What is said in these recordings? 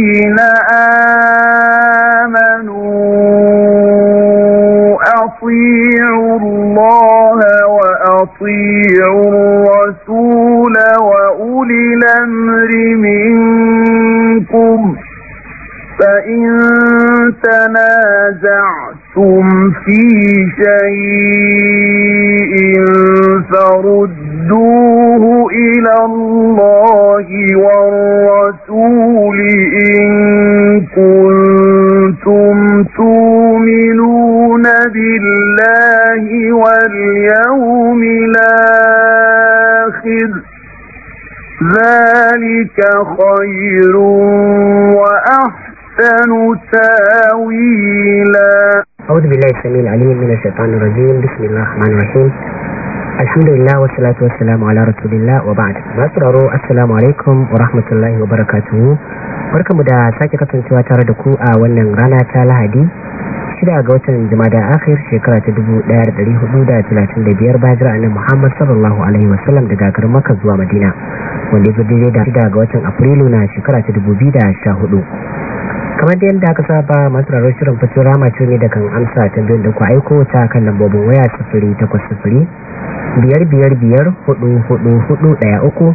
云南。الشيطان الرجيم بسم الله الرحمن الرحيم الحمد لله والصلاة والسلام على رسول الله وبعد ما سرروا السلام عليكم ورحمة الله وبركاته barkamu da sake kasancewa tare da ku a wannan rana ta lahadi shida ga watan jumada akhir shekara ta 1435 bayan jira annabi Muhammad sallallahu alaihi wasallam daga garin Makka zuwa Madina wanda ya daidai da shida ga watan Afrilu na kamar da yadda aka saba masu raro shirin fito rama ce ne da kan amsa tambayar da ku aiko ta kan lambobin waya sifiri takwas sifiri biyar biyar biyar hudu hudu hudu daya uku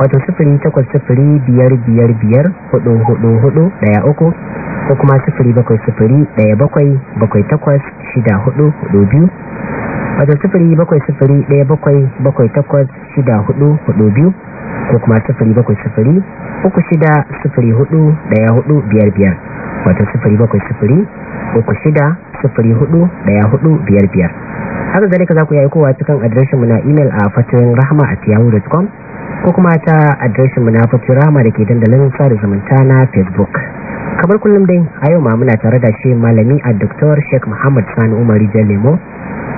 wato sifiri takwas sifiri biyar biyar biyar hudu hudu hudu daya uku ko kuma sifiri bakwai sifiri daya bakwai bakwai takwas shida hudu hudu biyu wato sifiri bakwai sifiri daya bakwai bakwai takwas shida hudu hudu biyu ko kuma bakwai sufuri uku shida sufuri hudu daya hudu biyar biyar wato sufuri bakwai sufuri uku shida sufuri hudu daya hudu biyar biyar haka zalika za ku yi aikowa cikin adireshinmu na imel a fatirin rahama a tiyahu.com ko kuma ta adireshinmu na fatirin rahama da ke dandalin sada zumunta na facebook kamar kullum dai a yau ma muna tare da shi malami a doktor sheik muhammad sani umar Jan lemo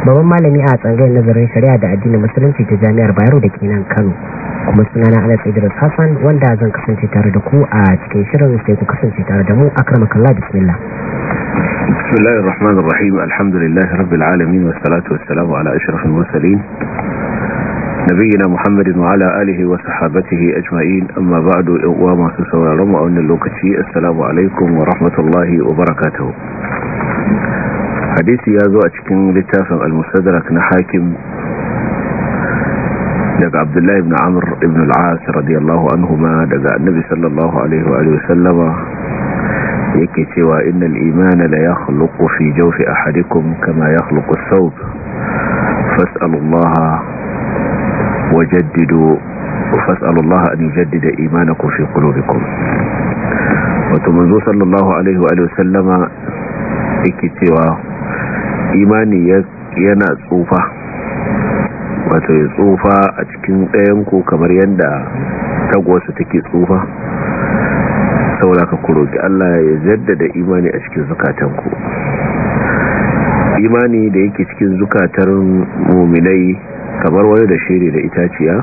babban malami a tsangayar nazarin shari'a da addinin musulunci ta jami'ar bayero da ke nan kano kuma idris hassan wanda zan kasance tare da ku a cikin shirin sai ku kasance tare da mu akramakallah bismillah بسم الله الرحمن الرحيم الحمد لله رب العالمين والصلاة والسلام على أشرف المرسلين نبينا محمد وعلى آله وصحابته أجمعين أما بعد وما سسوى رمع أن اللوكتي السلام عليكم ورحمة الله وبركاته حديثي يازو أتكين لتافه المستدرك نحاكم سيد عبد الله بن عمرو بن العاص رضي الله عنهما لدى النبي صلى الله عليه وآله وسلم سوى إن الإيمان ليخلق في جوف أحدكم كما يخلق الثوب فاسأل الله وجددوا وفاسأل الله أن يجدد إيمانكم في قلوبكم وتمنذ صلى الله عليه وآله وسلم سوى إيماني ينا صوفه wato ya tsufa a cikin ɗayanku kamar yadda tagwasa take tsufa saboda ka kuro ki Allah ya jaddada imani a cikin zukatanku imani da yake cikin zukatar muminai kamar wani da shiri da itaciya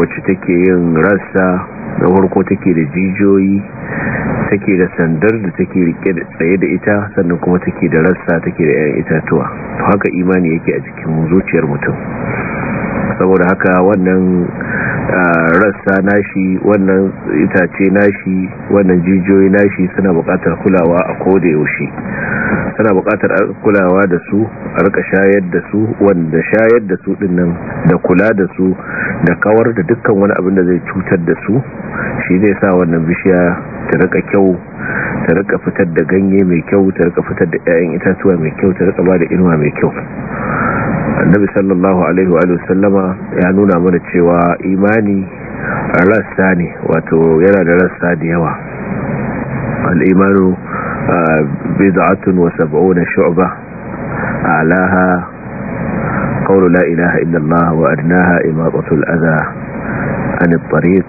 wacce take yin rassa na farko take da jijiyoyi take da sandar da take rike da tsaye da ita sannan kuma take da rassa take da 'ya'yan itatuwa to haka imani yake a cikin zuciyar mutum saboda haka wannan rassa nashi wannan itace nashi wannan jijiyoyi nashi suna buƙatar kulawa a koda yaushe suna buƙatar kulawa da su a rika shayar da su wanda shayar da su dinnan da kula da su da kawar da dukkan wani abin da zai cutar da su shi zai sa wannan bishiya ta rika kyau ta rika fitar da ganye mai kyau ta rika fitar da 'ya'yan itatuwa mai kyau ta rika ba da inuwa mai kyau annabi sallallahu alaihi wa sallama ya nuna mana cewa imani rassa ne wato yana da rassa da yawa al'imanu bid'atun wa sab'una shu'ba alaha qawlu la ilaha illa allah wa adnaha imatatu al-adha an at-tariq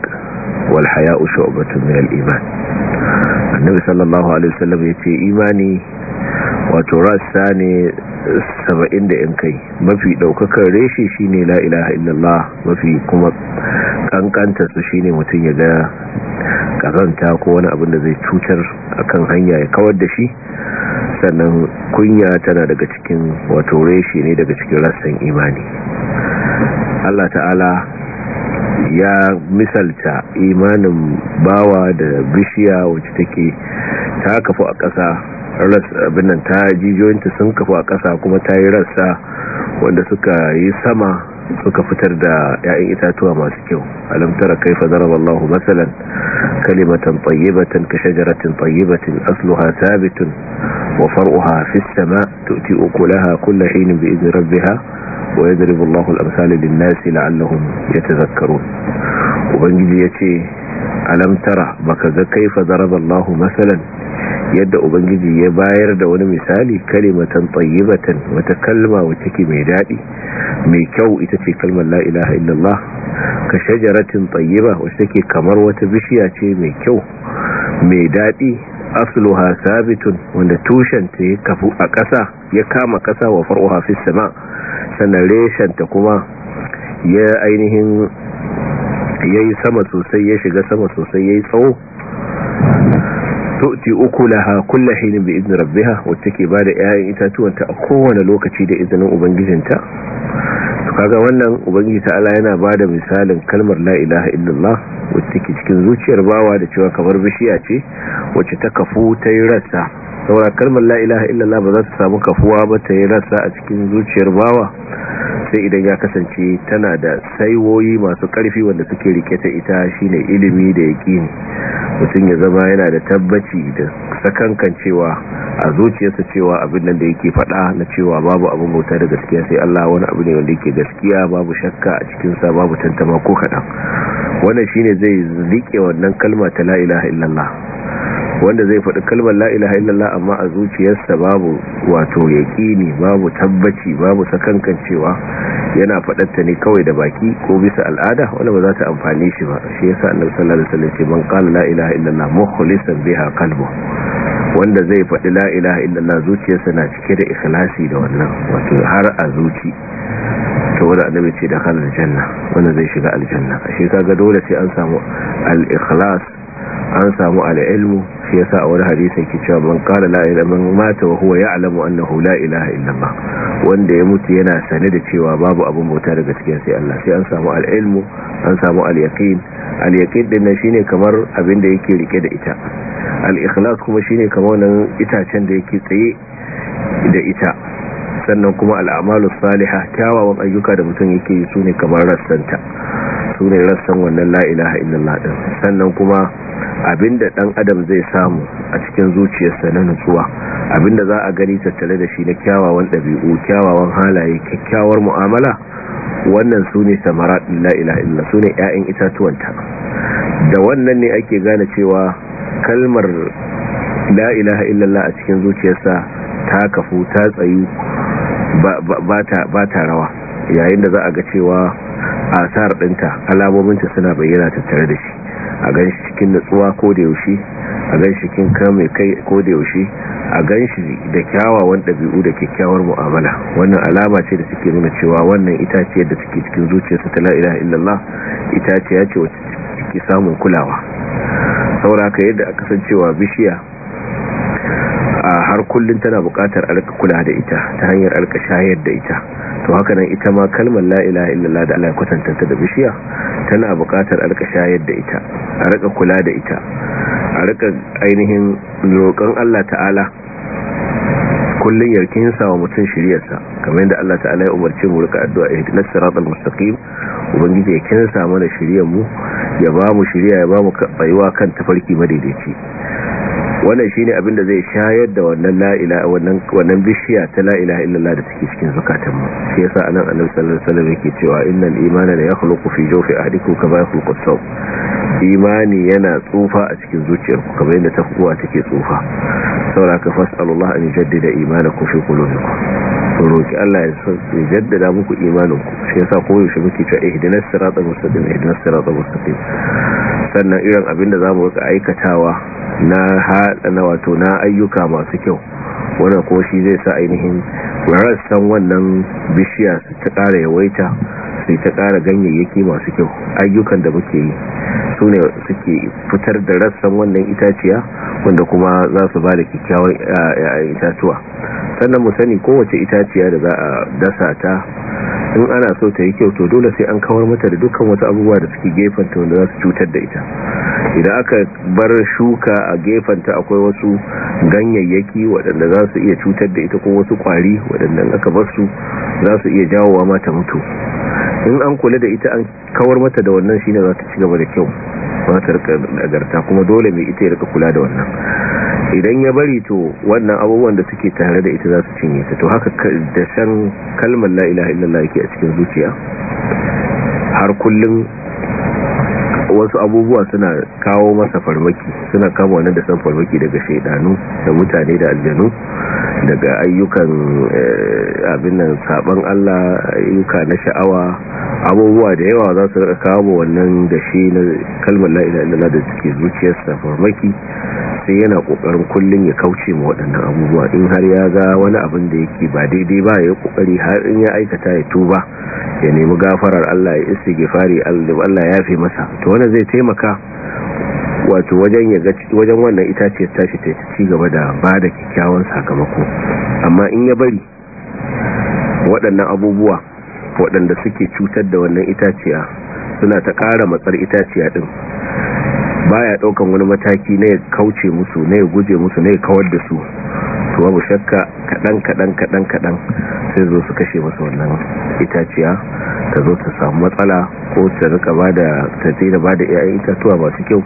wal haya'u shu'batun min al-iman annabi sallallahu alaihi wa sallam yace imani wato rassa ne saba'in da yan kai mafi daukakar reshe shine la ilaha illallah mafi kuma kankanta su shine mutum ya ga kazanta ko wani abin da zai cutar akan hanya ya kawar da shi sannan kunya tana daga cikin wato reshe ne daga cikin rassan imani Allah ta'ala ya misalta imanin bawa da bishiya wacce take ta kafu a ƙasa abin nan ta jijiyoyinta sun kafa kasa kuma ta yi rassa wanda suka yi sama suka fitar da 'ya'yan itatuwa masu kyau alamtara kaifa daraballahu matsalan kalimatan tayyibatan ka shajaratin tayyibatin asluha thabitun wa far'uha fi sama tu'ti ukulaha kullu hinin bi idni rabbiha wa yadribu Allahu al amsal lin-nasi la'allahum yatadhakkarun ubangiji yace alamtara baka ga kaifa daraballahu matsalan yadda ubangiji ya bayar da wani misali kalimatan tayyibatan wata kalma wacce ke mai dadi mai kyau ita ce kalmar la ilaha illallah ka shajaratin tayyiba wacce take kamar wata bishiya ce mai kyau mai dadi asluha sabitun wanda tushen ta ya kafu a ƙasa ya kama ƙasa wa far'uha fis sama sannan reshen ta kuma ya ainihin yayi sama sosai ya shiga sama sosai yayi tsawo tu'ti ukulaha kullu hin bi izni rabbiha wacce ke bada ƴaƴan itatuwanta a kowane lokaci da izinin ubangijinta kaga wannan ubangiji allah yana bada misalin kalmar la ilaha illallah wacce cikin zuciyar bawa da cewa kamar bishiya ce wacce ta kafu ta yi rassa saura kalmar la ilaha illallah ba za ta samu kafuwa ba ta yi rasa a cikin zuciyar bawa sai idan ya kasance tana da saiwoyi masu karfi wanda suke rike ta ita shine ilimi da yaqini mutum ya zama yana da tabbaci da sakankan cewa a zuciyarsa cewa abin nan da yake faɗa na cewa babu abin bauta da gaskiya sai Allah wani abu ne wanda yake gaskiya babu shakka a cikin sa babu tantama ko kaɗan wannan shine zai rike wannan kalma ta la ilaha illallah wanda zai faɗi kalmar la'ilaha illallah amma a zuciyarsa babu wato yaƙini babu tabbaci babu sakankancewa yana faɗatta ne kawai da baki ko bisa al'ada wanda ba za ta amfani shi ba shi ya sa sallallahu alaihi wasallam ce ban qala la'ilaha illallah mukhlishan biha qalbu wanda zai faɗi la'ilaha illallah zuciyarsa na cike da ikhlasi da wannan wato har a zuci to annabi ce da kan aljanna wanda zai shiga aljanna shi kaga dole sai an samu al-ikhlas an samu al-ilmu shi yasa a wani hadisi ke cewa man qala la ilaha man mata wa huwa ya'lamu annahu la ilaha illallah wanda ya mutu yana sane da cewa babu abin bauta daga cikin sai Allah sai an samu al-ilmu an samu al-yaqin al-yaqin din shine kamar abin da yake rike da ita al-ikhlas kuma shine kamar wannan itacen da yake tsaye da ita sannan kuma al al'amalu salihah kyawawan ayyuka da mutum yake yi sune kamar rassanta su rassan wannan la'ilaha illallah ɗin sannan kuma abinda ɗan adam zai samu a cikin zuciyarsa na nutsuwa abinda za a gani tattale da shi na kyawawan ɗabi'u kyawawan halaye kyakkyawar mu'amala wannan su ne ɗin la'ilaha illallah su ne 'ya'yan itatuwanta da wannan ne ake gane cewa kalmar la'ilaha illallah a cikin zuciyarsa ta kafu ta tsayu ba ta rawa yayin da za a ga cewa a tsar ɗinta alamominta suna bayyana tattare da shi a gan shi cikin natsuwa ko da yaushe a gan shi cikin kame kai ko da yaushe a gan shi da kyawawan ɗabi'u da kyakkyawar mu'amala wannan alama ce da suke nuna cewa wannan itaciyar da take cikin zuciyarsa ta la'ila illallah itaciya ce wacce take samun kulawa saboda haka yadda aka san cewa bishiya har kullun tana buƙatar alka kula da ita ta hanyar alka shayar da ita to haka nan ita ma kalmar la ilaha illallah da Allah ya kwatanta ta da bishiya tana buƙatar alka shayar da ita a rika kula da ita a rika ainihin roƙon Allah ta'ala kullun yarkin sa wa mutum shiriyarsa kamar yadda Allah ta'ala ya umarci mu rika addu'a na siratal mustaqim ubangiji ya kinsa mana shiriyar mu ya ba mu shiriya ya ba mu kan tafarki madaidaici wannan shine abin da zai shayar da wannan la wannan wannan bishiya ta la ilaha illallah da take cikin zakatan mu shi yasa anan annabi sallallahu alaihi wasallam yake cewa innal imana la yakhluqu fi jawfi ahadikum kama yakhluqu at imani yana tsufa a cikin zuciyarku kamar yadda takwa take tsufa saboda ka fas'alullah an yujaddida imanakum fi qulubikum ku roki Allah ya san jaddada muku imaninku shi yasa yaushe muke cewa ihdinas siratal mustaqim ihdinas siratal mustaqim sannan irin abin da zamu rika aikatawa na haɗa na wato na ayyuka masu kyau wanda ko shi zai sa ainihin rassan wannan bishiya su ta ƙara yawaita su ta ƙara ganyayyaki masu kyau ayyukan da muke yi su ne suke fitar da rassan wannan itaciya wanda kuma za su ba da kyakkyawan eh, eh, itatuwa sannan mu sani kowace itaciya da za a dasa ta in ana so ta yi kyau to dole sai an kawar mata da dukkan wata abubuwa da suke gefanta wanda za su cutar da ita idan aka bar shuka a gefanta akwai wasu ganyayyaki waɗanda za su iya cutar da ita ko wasu ƙwari waɗanda aka bar su za su iya jawowa mata mutu in an kula da ita an kawar mata da wannan shine za ta ci gaba da kyau fatar ɗagarta nagarta kuma dole mai ita ya rika kula da wannan idan ya bari to wannan abubuwan da suke tare da ita za su cinye ta to haka da san kalmar la'ila illallah yake a cikin zuciya har kullum wasu abubuwa suna kawo masa farmaki suna kama wani da san farmaki daga shaidanu da mutane da aljanu daga ayyukan eh, abin nan saban Allah ayyuka na sha'awa abubuwa da yawa za su kawo wannan da shi na kalmar la'ila da suke zuciyarsa farmaki sai yana kokarin kullum ya kauce ma waɗannan abubuwa in har ya ga wani abin da yake ba daidai ba ya kokari har in ya aikata ya tuba ya nemi gafarar Allah ya istighfari Allah ya fi masa to wannan zai taimaka wato wajen ya wajen wannan tashi ta ci gaba da ba da kyakkyawan sakamako amma in ya bari waɗannan abubuwa waɗanda suke cutar da wannan itaciya suna ta ƙara matsar itaciya ɗin baya daukan wani mataki na ya kauce musu na ya guje musu na ya kawar da su to babu shakka kadan kadan kadan kadan sai zo su kashe musu wannan itaciya ta zo ta samu matsala ko ta rika bada ta da bada iyayen itatuwa masu kyau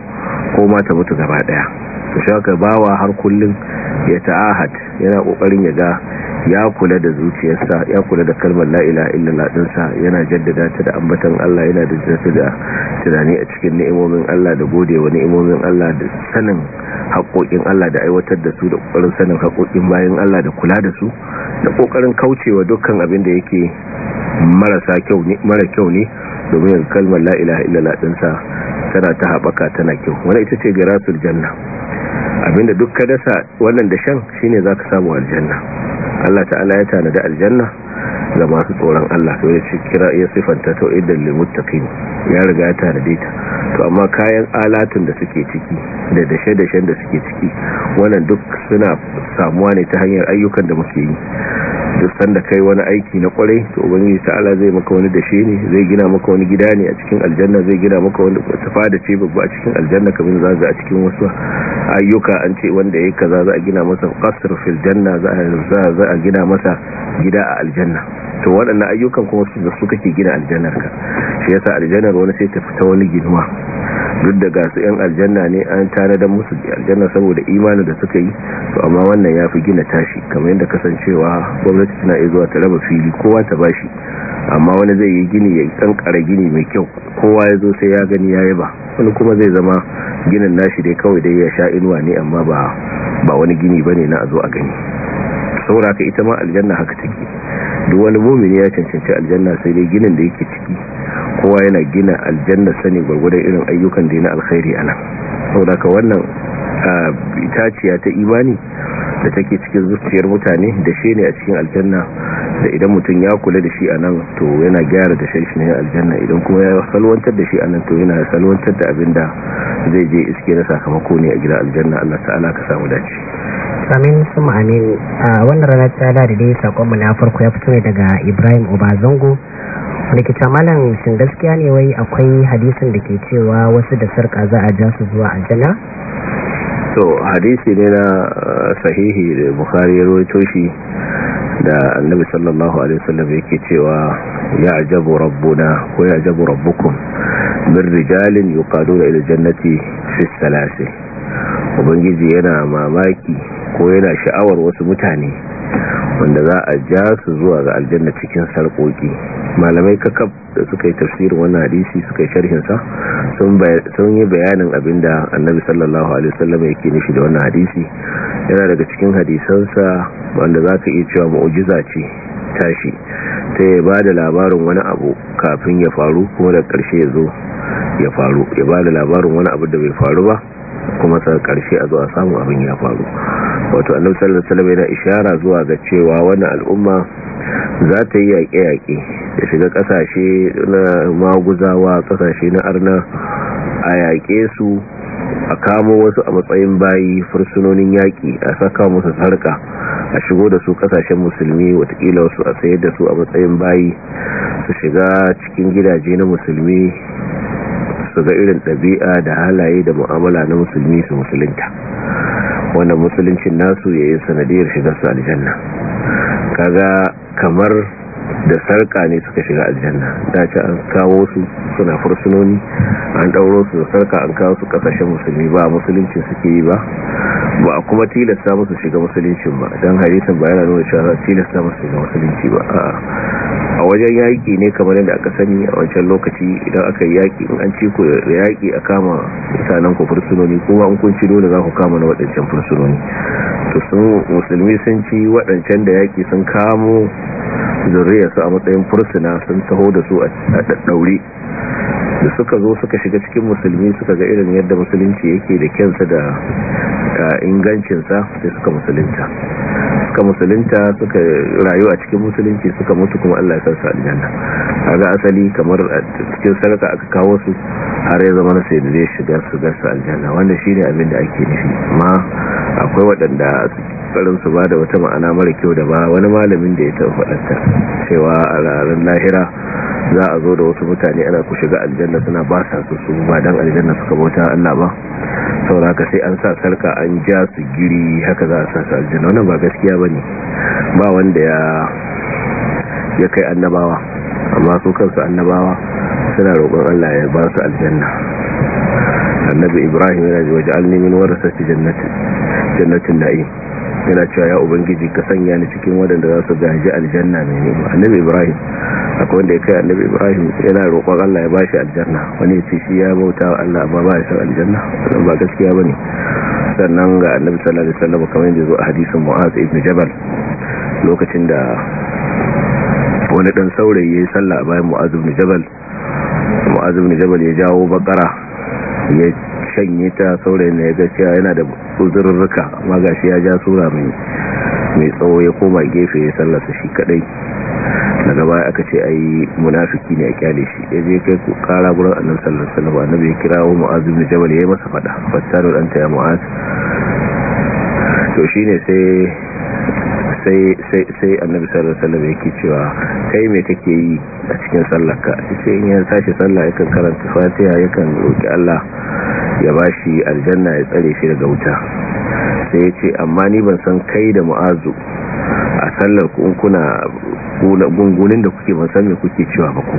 ko ma ta mutu gaba daya to shaka bawa har kullum ya ta'ahad yana kokarin ya ga ya kula da zuciyarsa ya kula da kalmar la ilaha illallah yana jaddada ta da ambatan Allah yana da jaddada da tunani a cikin ni'imomin Allah da godewa ni'imomin Allah da sanin haƙoƙin Allah da aiwatar da su da ƙoƙarin sanin haƙoƙin bayan Allah da kula da su da ƙoƙarin kaucewa dukkan abin da yake marasa kyau ne mara kyau ne domin kalmar la ilaha illallah tana ta haɓaka tana kyau wani ita ce garatul janna abinda duk ka dasa wannan da shan shine zaka samu aljanna Allah ta'ala ya tanada aljanna ga masu tsoron Allah to ya kira iya sifanta to idan lil ya riga ya tanade ta to amma kayan alatun da suke ciki da dashe-dashen da suke ciki wannan duk suna samuwa ne ta hanyar ayyukan da muke yi duk sanda kai wani aiki na kwarai to ubangiji ta'ala zai maka wani dashe ne zai gina maka wani gida ne a cikin aljanna zai gina maka wani tafa da ce babba a cikin aljanna kamar za a cikin wasu ayyuka an ce wanda yayi kaza za a gina masa qasr fil janna za a gina masa gida a aljanna to waɗannan ayyukan kuma su da suka kake gina aljannar ka shi yasa aljannar wani sai ta fita wani ginuwa duk da gasu 'yan aljanna ne an da musu aljanna saboda imanin da suka yi to amma wannan ya fi gina tashi kamar yadda kasancewa gwamnati tana iya zuwa ta raba fili kowa ta bashi amma wani zai yi gini ya kara gini mai kyau kowa ya zo sai ya gani ya ba wani kuma zai zama ginin nashi dai kawai dai ya sha inuwa ne amma ba ba wani gini bane na a zo a gani saboda ka ita ma aljanna haka take duk wani bomi ne ya cancanci aljanna sai dai ginin da yake ciki kowa yana gina aljanna sani gwargwadon irin ayyukan da yana alkhairi ana da ka wannan itaciya ta imani da take cikin zuciyar mutane da shi ne a cikin aljanna da idan mutum ya kula da shi a nan to yana gyara da shi ne aljanna idan kuma ya salwantar da shi a nan to yana salwantar da abin da zai je iske na sakamako ne a gida aljanna Allah ta'ala ka samu dace amin sun amin a wannan ranar ta da dai sakonmu na farko ya fito ne daga ibrahim obazongo rikita malam shin gaskiya ne wai akwai hadisin da ke cewa wasu da sarka za a jasu su zuwa jana. to hadisi ne na uh, sahihi da bukari ya rawaito shi da annabi sallallahu alaihi wasallam yake cewa ya ajabu na, ko ya ajabu rabbukum min rijalin yuqaduna ila jannati fi salasi ubangiji yana mamaki ko yana sha'awar wasu mutane wanda za a ja su zuwa ga aljanna cikin sarkoki malamai kakab da suka yi tafsirin wannan hadisi suka yi sharhinsa sun yi bayanin abinda annabi sallallahu alaihi wasallam yake nishi da wannan hadisi yana daga cikin hadisansa wanda za ka iya cewa mu'ujiza ce tashi ta ya ba da labarin wani abu kafin ya faru kuma da ƙarshe ya zo ya faru ya ba da labarin wani abu da bai faru ba kuma sa ƙarshe a zo a samu abin ya faru wato annabi sallallahu alaihi wasallam yana ishara zuwa ga cewa wannan al'umma za ta yi yaƙe-yaƙe da shiga ƙasashe na maguzawa ƙasashe na arna a yaƙe su a kamo wasu a matsayin bayi fursunonin yaƙi a saka musu sarka a shigo da su ƙasashen musulmi watakila wasu a sayar da su a matsayin bayi su shiga cikin gidaje na musulmi su ga irin ɗabi'a da halaye da mu'amala na musulmi su musulunta wanda musulunci nasu ya yi sanadiyar su aljanna kaga kamar da sarka ne suka shiga aljanna da ce an kawo su suna fursunoni an ɗauro su da sarka an kawo su ƙasashen musulmi ba musulunci suke yi ba ba a kuma tilasta musu shiga musuluncin ba don harisun ba yana nuna cewa tilasta musu shiga musulunci ba a wajen yaƙi ne kamar yadda aka sani a wancan lokaci idan aka yi yaƙi in an ci ku da yaƙi a kama mutanen ku fursunoni kuma an kun ci dole za ku kama na waɗancan fursunoni to sun musulmi sun ci waɗancan da yaƙi sun kamo zurriyarsu a matsayin fursuna sun taho da su a daddaure da suka zo suka shiga cikin musulmi suka ga irin yadda musulunci yake da kyansa da ingancinsa sai suka musulunta suka musulunta suka rayu a cikin musulunci suka mutu kuma Allah ya san su aljanna ga asali kamar cikin sarka aka kawo su har ya zama na sai da zai shiga su aljanna wanda shi ne abin da ake nufi amma akwai waɗanda kokarin su ba da wata ma'ana mara kyau da ba wani malamin da ya taɓa faɗanta cewa a ranar lahira za a zo da wasu mutane ana ku shiga aljanna suna ba sa su su ba don aljanna suka bauta Allah ba saboda sai an sa sarka an ja su giri haka za a sa su aljanna wannan ba gaskiya ba ne ba wanda ya ya kai annabawa amma su kansu annabawa suna roƙon Allah ya ba su aljanna annabi ibrahim yana ji waje alni warasa warasati jannatin jannatin na'im yana cewa ya ubangiji ka sanya ni cikin wadanda za su gaji aljanna mai nema annabi ibrahim akwai wanda ya kai annabi ibrahim yana roƙon allah ya bashi aljanna wani ya ce shi ya bauta wa allah amma ba ya san aljanna wannan ba gaskiya ba ne sannan ga annabi sallallahu alaihi wasallam kamar yadda zo a hadisin mu'az ibn jabal lokacin da wani dan saurayi ya yi sallah a bayan mu'az ibn jabal mu'az ibn jabal ya jawo bakara ya sanye ta saurayin na ya ga cewa yana da uzurruka amma magashi ya ja sura mai tsawo ya koma gefe ya sallasa shi kadai daga baya aka ce ai munafiki ne a kyale shi ya je kai ku kara gurin annabi sallallahu alaihi na annabi ya kirawo mu'az bin jabal yi masa fada fattaru ɗanta ya mu'azu to shine sai sai annabi sallallahu alaihi wasallam yake cewa kai me kake yi a cikin sallarka yace in ya sashi sallah yakan karanta fatiha yakan roki Allah ya bashi aljanna ya tsare shi daga wuta sai yace amma ni ban san kai da mu'azu a sallar ku kuna gungunin da kuke ban san me kuke cewa ba ku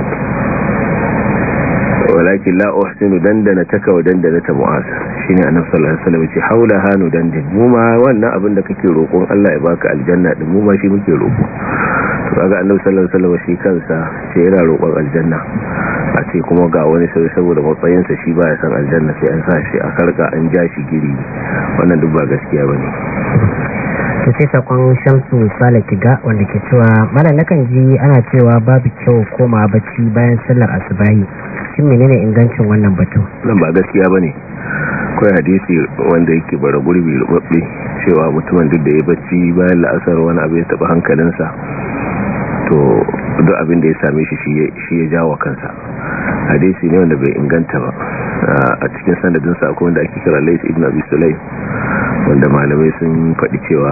walakin la dandana taka wa dandana ta mu'asa shi ne sallallahu alaihi wasallam ce haula hanu dandin mu ma wannan abin da kake roƙon Allah ya baka aljanna din mu ma shi muke roƙo to kaga annabi sallallahu alaihi shi kansa ce yana roƙon aljanna a ce kuma ga wani sai saboda matsayinsa shi baya san aljanna sai an sa shi a sarka an ja shi giri wannan duk ba gaskiya ba ne. to sai sakon shamsu sale kiga wanda ke cewa na kan ji ana cewa babu kyau koma bacci bayan sallar asubahi shin menene ingancin wannan batu nan ba gaskiya bane kawai hadisi wanda yake bara gurbi rubabbe cewa mutumin duk da ya bacci bayan la'asar wani abu ya taba hankalinsa to duk abin da ya same shi shi ya jawo kansa hadisi ne wanda bai inganta ba a cikin sanadinsa akwai wanda ake kira lais ibn abi sulaim wanda malamai sun faɗi cewa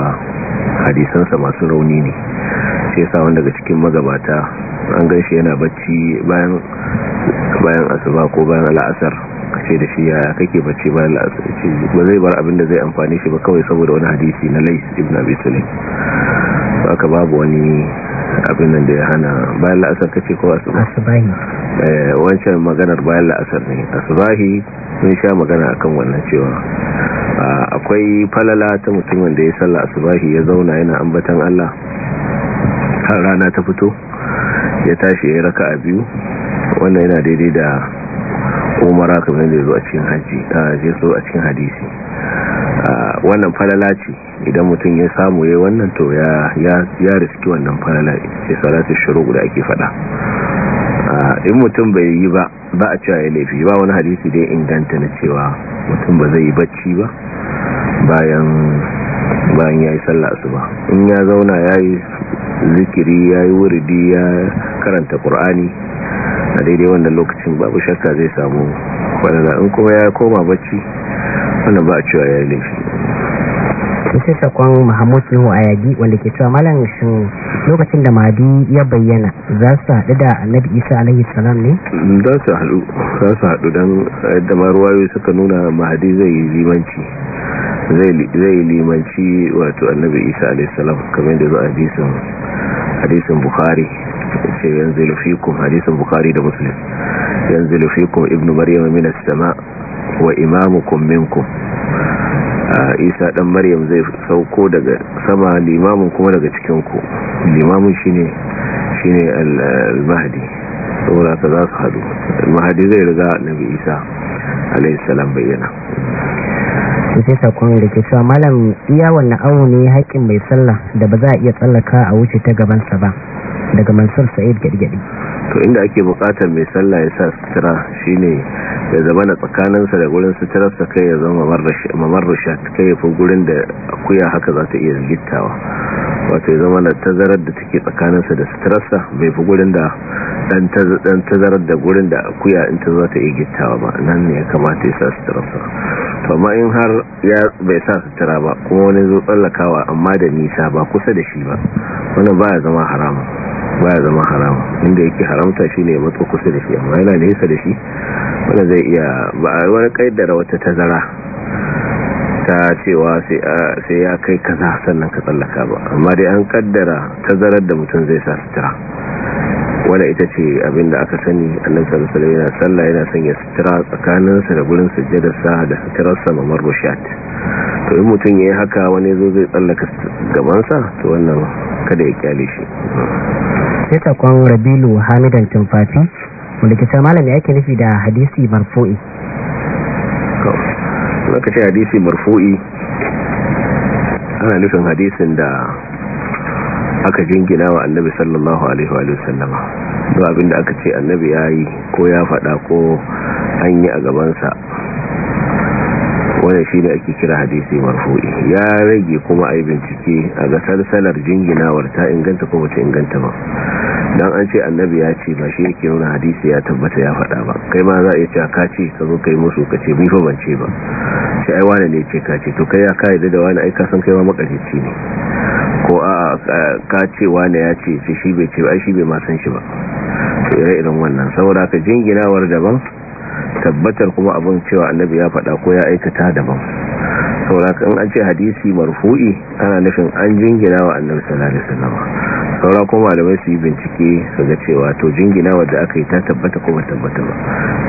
hadisansa masu rauni ne sai sa wanda daga cikin magabata an shi yana bacci bayan asuba ko bayan al'asar ce da shi yaya kake bacci bayan al'asar ce ba zai bar abin da zai amfani shi ba kawai saboda wani hadisi na Lais ibn abitulai ba ka babu wani abin nan da ya hana bayan la'asar kace ko asuba eh, wancan maganar bayan la'asar ne asubahi sun sha magana akan wannan cewa akwai falala ta mutum wanda ya salla asubahi ya zauna yana ambatan Allah har rana ta fito ya tashi ya raka a biyu wannan yana daidai da umara kamar da zo a cikin haji a je so a cikin hadisi wannan falala ce idan mutum ya samu ya wannan to ya ya riski wannan falala ce salatu shuru da ake fada in mutum bai yi ba ba a cewa ya laifi ba wani hadisi dai inganta na cewa mutum ba zai yi bacci ba bayan bayan ya yi sallah ba in ya zauna ya yi zikiri ya yi wuridi ya karanta ƙur'ani a daidai wanda lokacin babu shakka zai samu wadanda in kuma ya koma bacci wannan ba a cewa ya yi laifi sai sakon mahmud a ayagi wanda ke cewa malam shin lokacin da madu ya bayyana za su haɗu da annabi isa alaihi salam ne za su haɗu za su haɗu don da maruwayo suka nuna mahadi zai yi limanci zai limanci wato annabi isa alaihi salam kamar da zo hadisin hadisin bukhari ce yanzu lufikum hadisin bukhari da muslim yanzu lufikum ibnu maryam min as-sama wa imamukum minkum isa dan maryam zai sauko daga sama limamin kuma daga cikin ku limamin shine shine al-mahdi saboda ka za su hadu al-mahdi zai riga nabi isa alayhi salam bayyana sai sakon da ke cewa malam iya wannan awo ne haƙƙin mai sallah da ba za a iya tsallaka a wuce ta gabansa ba daga mansur sa'id gadi-gadi to inda ake bukatar mai sallah ya sa sutura shine ya zama na tsakaninsa da gurin suturarsa kai ya zama mamarrusha kai ya fi gurin da akuya haka za ta iya gittawa wato ya zama na tazarar da take tsakaninsa da suturarsa bai fi gurin da dan tazarar da gurin da akuya in ta za ta iya gittawa ba nan ne ya kamata ya sa suturarsa to amma in har ya bai sa sutura ba kuma wani zo tsallakawa amma da nisa ba kusa da shi ba wannan ba ya zama haramun baya zama haram inda yake haramta shine ne matsa kusa da shi amma yana nesa da shi wanda zai iya ba a wani kaidara wata tazara ta cewa sai ya kai kaza sannan ka tsallaka ba amma dai an kaddara tazarar da mutum zai sa sutura wanda ita ce abinda aka sani annabi sallallahu yana sallah yana sanya sutura tsakaninsa da gurin sujjadarsa da suturarsa mamar rushat to yi mutum yi haka wani zo zai tsallaka gabansa to wannan kada ya kyale shi sai sakon rabilu hamidan tumfafi wanda ke ta malami ake nufi da hadisi marfo'i ka ce hadisi marfo'i ana nufin hadisin da aka jingina wa annabi sallallahu alaihi wa sallama don abinda aka ce annabi ya yi ko ya faɗa ko an yi a gabansa wannan shi da ake kira hadisi marfu'i ya rage kuma a yi bincike a ga salsalar jinginawar ta inganta ko wata inganta ba don an ce annabi ya ce ba shi yake nuna hadisi ya tabbata ya faɗa ba kai ma za a iya cewa ka ce ka zo kai musu ka ce bifo ban ce ba shi ai wani ne ce ka ce to kai ya kayyade da wani ai ka kai ma makarici ne ko a ka ce wani ya ce shi bai ce ba ai shi bai ma shi ba to ire irin wannan saboda ka jinginawar daban tabbatar kuma abin cewa annabi ya faɗa ko ya aikata daban sauraka in an ce hadisi marfu'i ana nufin an jingina wa annabi sallallahu alaihi wasallam saura ko malamai su yi bincike su ga cewa to jingina da aka yi ta tabbata ko ba tabbata ba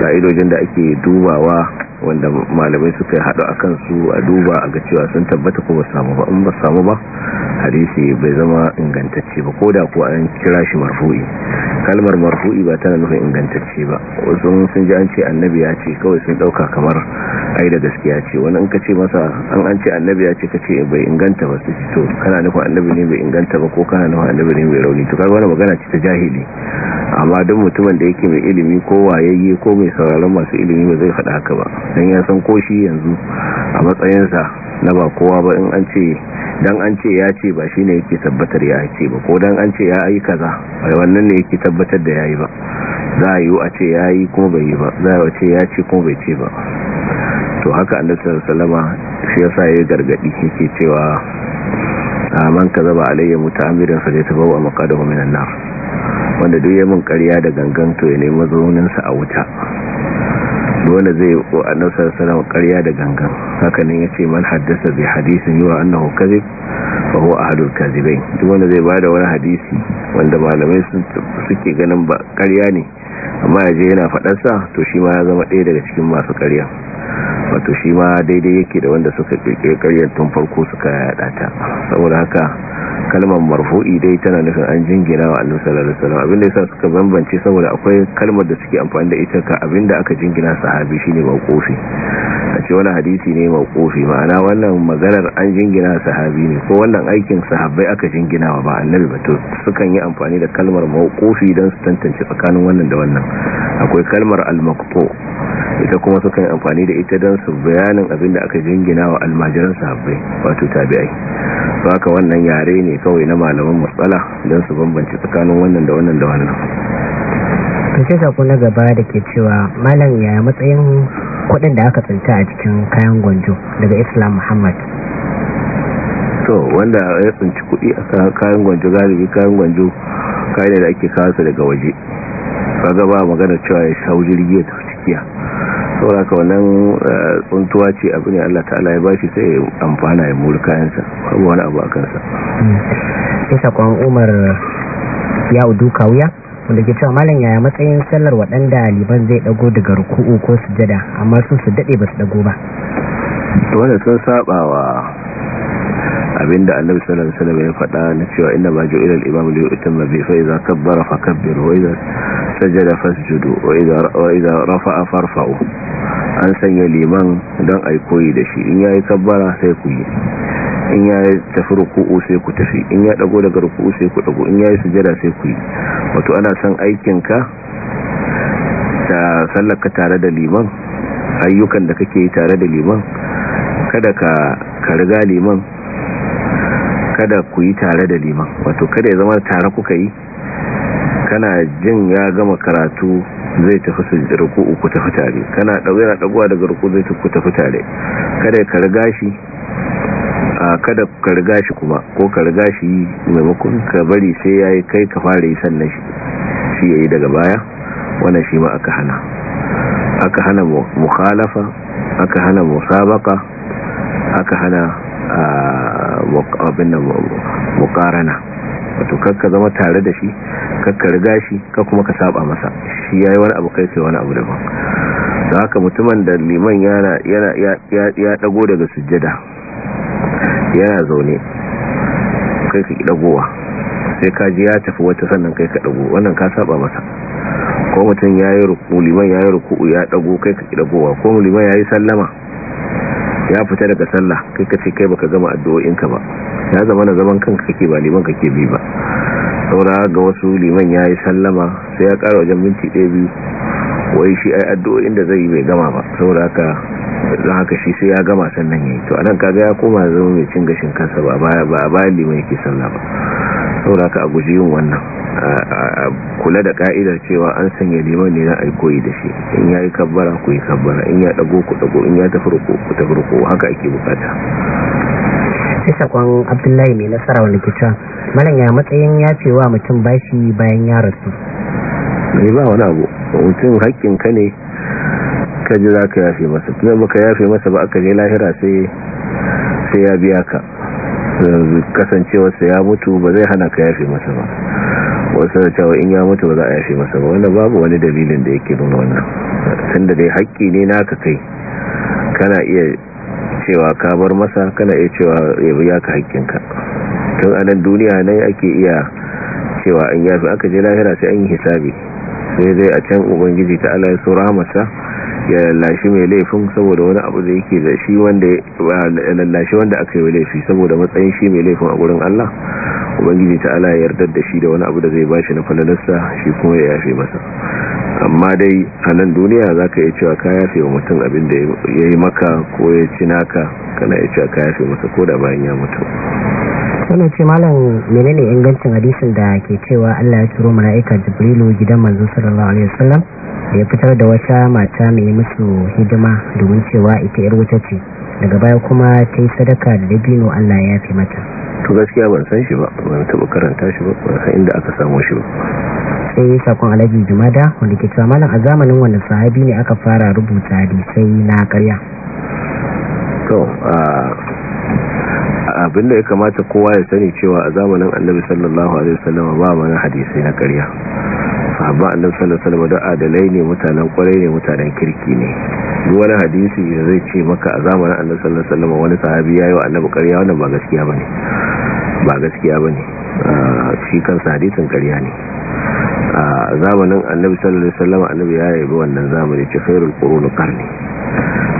ka'idojin da ake dubawa wanda malamai suka haɗu a kansu a duba a ga cewa sun tabbata ko ba samu ba in ba samu ba hadisi bai zama ingantacce ba ko da ko an kira shi marfu'i kalmar marfu'i ba tana nufin ingantacce ba wasu sun ji an ce annabi ya ce kawai sun ɗauka kamar ai da gaskiya ce wani in ka ce masa an an ce annabi ya ce ka ce bai inganta ba su to kana nufin annabi ne bai inganta ba ko kana nufin annabi ne bai rauni to kaga wani magana ce ta jahili amma duk mutumin da yake mai ilimi ko wayayye ko mai sauraron masu ilimi ba zai faɗa haka ba dan ya san ko shi yanzu a matsayinsa na ba kowa ba in an ce dan an ce ya ce ba shine yake tabbatar ya ce ba ko dan an ce ya yi kaza bai wannan ne yake tabbatar da yayi ba za a yi a ce ya yi kuma bai yi ba za a ce ya ce kuma bai ce ba to haka annabi sallallahu alaihi shi yasa ya gargadi yake cewa man zaba alayya sai ta bawa maqadahu minan nar wanda duk yayin ƙarya da gangan to ya nemi zaunin sa a wuta dole zai ko annabi sallallahu ƙarya da gangan haka ne yace man haddasa bi hadisin yawa annahu kadhib fa huwa ahadul kadhibain duk wanda zai bada wani hadisi wanda malamai sun suke ganin ba ƙarya ne amma yaje yana faɗar sa to shi ma ya zama ɗaya daga cikin masu ƙarya wato shi ma daidai yake da wanda suka kirkire karyar tun farko suka yada ta saboda haka kalmar marfu'i dai tana nufin an jingina wa annabi sallallahu alaihi wasallam abinda yasa suka bambance saboda akwai kalmar da suke amfani da ita ka abinda aka jingina sahabi shine mauqufi a ce wani hadisi ne mauqufi ma'ana wannan maganar an jingina sahabi ne ko wannan aikin sahabbai aka jingina wa ba annabi ba to sukan yi amfani da kalmar mauqufi don su tantance tsakanin wannan da wannan akwai kalmar al ita kuma sukan yi amfani da ita don su bayanin abin da aka jingina wa almajiran sahabbai wato tabi'ai haka wannan yare ne kawai na malaman matsala don su bambance tsakanin wannan da wannan da wannan tunce sako na gaba da ke cewa malam ya matsayin kudin da aka tsinta a cikin kayan gwanjo daga islam muhammad to wanda ya tsinci kudi a kayan gwanjo galibi kayan gwanjo kayan da ake kawo daga waje kaga ba magana cewa ya hau jirgi ya tafi cikiya saboda ka wannan eh, tsuntuwa ce abu ne Allah ta'ala ya bashi sai amfana ya mulu kayansa babu wani abu a kansa hmm. isa kwan umar ya udu wuya wanda ke cewa malam yaya matsayin sallar waɗanda liban zai dago daga ruku'u ko sujada amma sun su daɗe ba su dago ba to wanda sun saba wa abinda annabi sallallahu alaihi wasallam ya faɗa na cewa inna ba ju'ila al-imamu li yutamma bi fa idza kabbara kabbir wa idza sajada fasjudu wa idza wa idza rafa'a farfa'u an sanya liman don a yi koyi da shi in ya yi kabbara sai ku yi in ya yi tafi ruku'u sai ku tafi in ya dago daga ruku'u sai ku dago in ya yi sujada sai ku yi wato ana son aikinka da sallaka tare da liman ayyukan da kake yi tare da liman kada ka karga riga liman kada ku yi tare da liman wato kada ya zama tare kuka yi kana jin ya gama karatu zai tafi su ruku uku ta fitare kana daura dagowa daga ruku zai tafi ku ta fitare kada ka riga shi kada ka riga shi kuma ko ka riga shi maimakon ka bari sai yayi kai ka fara yi sannan shi shi yayi daga baya wannan shi ma aka hana aka hana mukhalafa aka hana musabaka aka hana abin nan mukarana wato kakka zama tare da shi kakka riga shi ka kuma ka saba masa shi yayi wani abu kai sai wani abu daban don haka mutumin da liman yana ya dago daga sujjada yana zaune kai ka dagowa sai ka ji ya tafi wata sannan kai ka dago wannan ka saba masa ko mutum yayi ruku liman yayi ruku ya dago kai ka dagowa ko liman yayi sallama ya fita daga sallah kai ka ce kai baka gama addu'o'inka ba ya zama na zaman kanka kake ba liman kake bi ba saura ga wasu liman ya yi sallama sai ya kara wajen minti ɗaya biyu wai shi ai addu'o'in da zai yi bai gama ba saura haka za haka shi sai ya gama sannan yi to anan kaga ya koma zama mai cin gashin kansa ba baya ba bayan liman yake sallama saura ka a guji yin wannan kula da ka'idar cewa an sanya liman ne na alkoyi da shi in ya yi kabbara ku yi kabbara in ya dago ku dago in ya tafi ruku ku tafi ruku haka ake bukata sai sakon abdullahi mai nasara wani kicin cewa malam ya matsayin ya ce wa mutum bashi bayan ya rasu bai ba wani abu mutum hakkin ka ne ka ji za ka yafe masa kuma ka yafe masa ba aka je lahira sai ya biya ka kasancewarsa ya mutu ba zai hana ka yafe masa ba wasu da cewa in ya mutu ba za a yafe masa ba wanda babu wani dalilin da yake nuna wannan tun dai haƙƙi ne naka kai kana iya cewa ka bar masa kana iya cewa ya biya ka hakkinka tun nan duniya ne ake iya cewa an yafi aka je lahira sai an yi hisabi sai zai a can ubangiji ta ala ya so ya lallashi mai laifin saboda wani abu da yake da shi wanda ya lallashi wanda aka yi laifi saboda matsayin shi mai laifin a gurin Allah ubangiji ta ala ya yarda da shi da wani abu da zai ba shi na falalarsa shi kuma ya yafe masa amma dai a nan duniya za ka iya cewa ka yafe wa mutum abin da ya yi maka ko ya ci naka kana iya cewa ka yafe masa ko da bayan ya mutu wani ce malam menene ingancin hadisin da ke cewa Allah ya turo mala'ika Jibrilu gidan manzo sallallahu alaihi wasallam ya fitar da wata mata mai musu hidima domin cewa ita yar wuta ce daga baya kuma ta yi sadaka da dabino Allah ya yafe mata to gaskiya ban san shi ba ban taɓa karanta shi ba ban san inda aka samo shi ba sai eh, sakon alhaji jumada wanda ke cewa malam a zamanin wani sahabi ne aka fara rubuta hadisai na karya to da ya kamata kowa ya sani cewa a zamanin annabi sallallahu alaihi wasallam ba mana hadisai na karya sahabba annabi sallallahu alaihi wasallam da adalai ne mutanen kwarai ne mutanen kirki ne duk wani hadisi da zai ce maka a zamanin annabi sallallahu alaihi wasallam wani sahabi yayi wa annabi karya wannan ba gaskiya bane ba gaskiya ba ne ah, shi kansa hadisin karya ne a ah, zamanin annabi sallallahu alaihi wasallam annabi ya yi wannan zamani ci khairul qurun qarni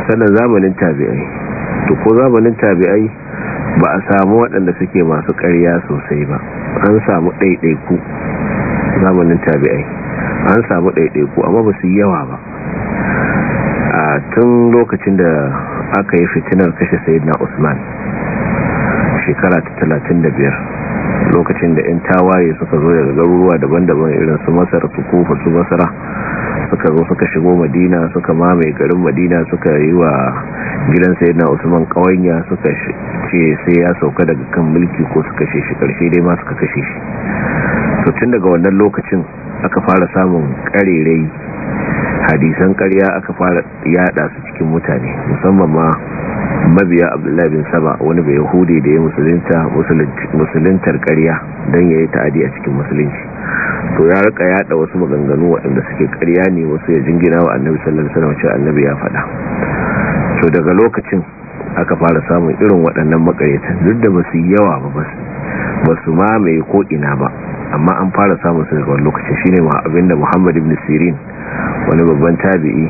sannan zamanin tabi'ai to ko zamanin tabi'ai ba a samu waɗanda suke masu ƙarya sosai ba an samu ɗaiɗaiku zamanin tabi'ai an samu ɗaiɗaiku amma ba su yi yawa ba a ah, tun lokacin da aka yi fitinar kashe sayyidina usman shekara ta talatin da biyar lokacin da 'yan tawaye suka zo daga garuruwa daban-daban irin su masar su kofa su masara suka zo suka shigo madina suka mamaye garin madina suka yi wa gidan yana usman kawanya suka ce sai ya sauka daga kan mulki ko suka kashe shi karshe dai ma suka kashe shi to tun daga wannan lokacin aka fara samun karerai hadisan karya aka fara yada su cikin mutane musamman ma mabiya abdullahi bin saba wani bai hudu da ya musulunta musuluntar karya don ya yi ta'adi a cikin musulunci to ya rika yada wasu maganganu waɗanda suke karya ne wasu ya jingina wa annabi sallallahu annabi ya faɗa to daga lokacin aka fara samun irin waɗannan makareta duk da basu yawa ba basu ba su mamaye ko ina ba amma an fara samun su daga lokaci shine abinda Muhammad ibn Sirin wani babban tabi'i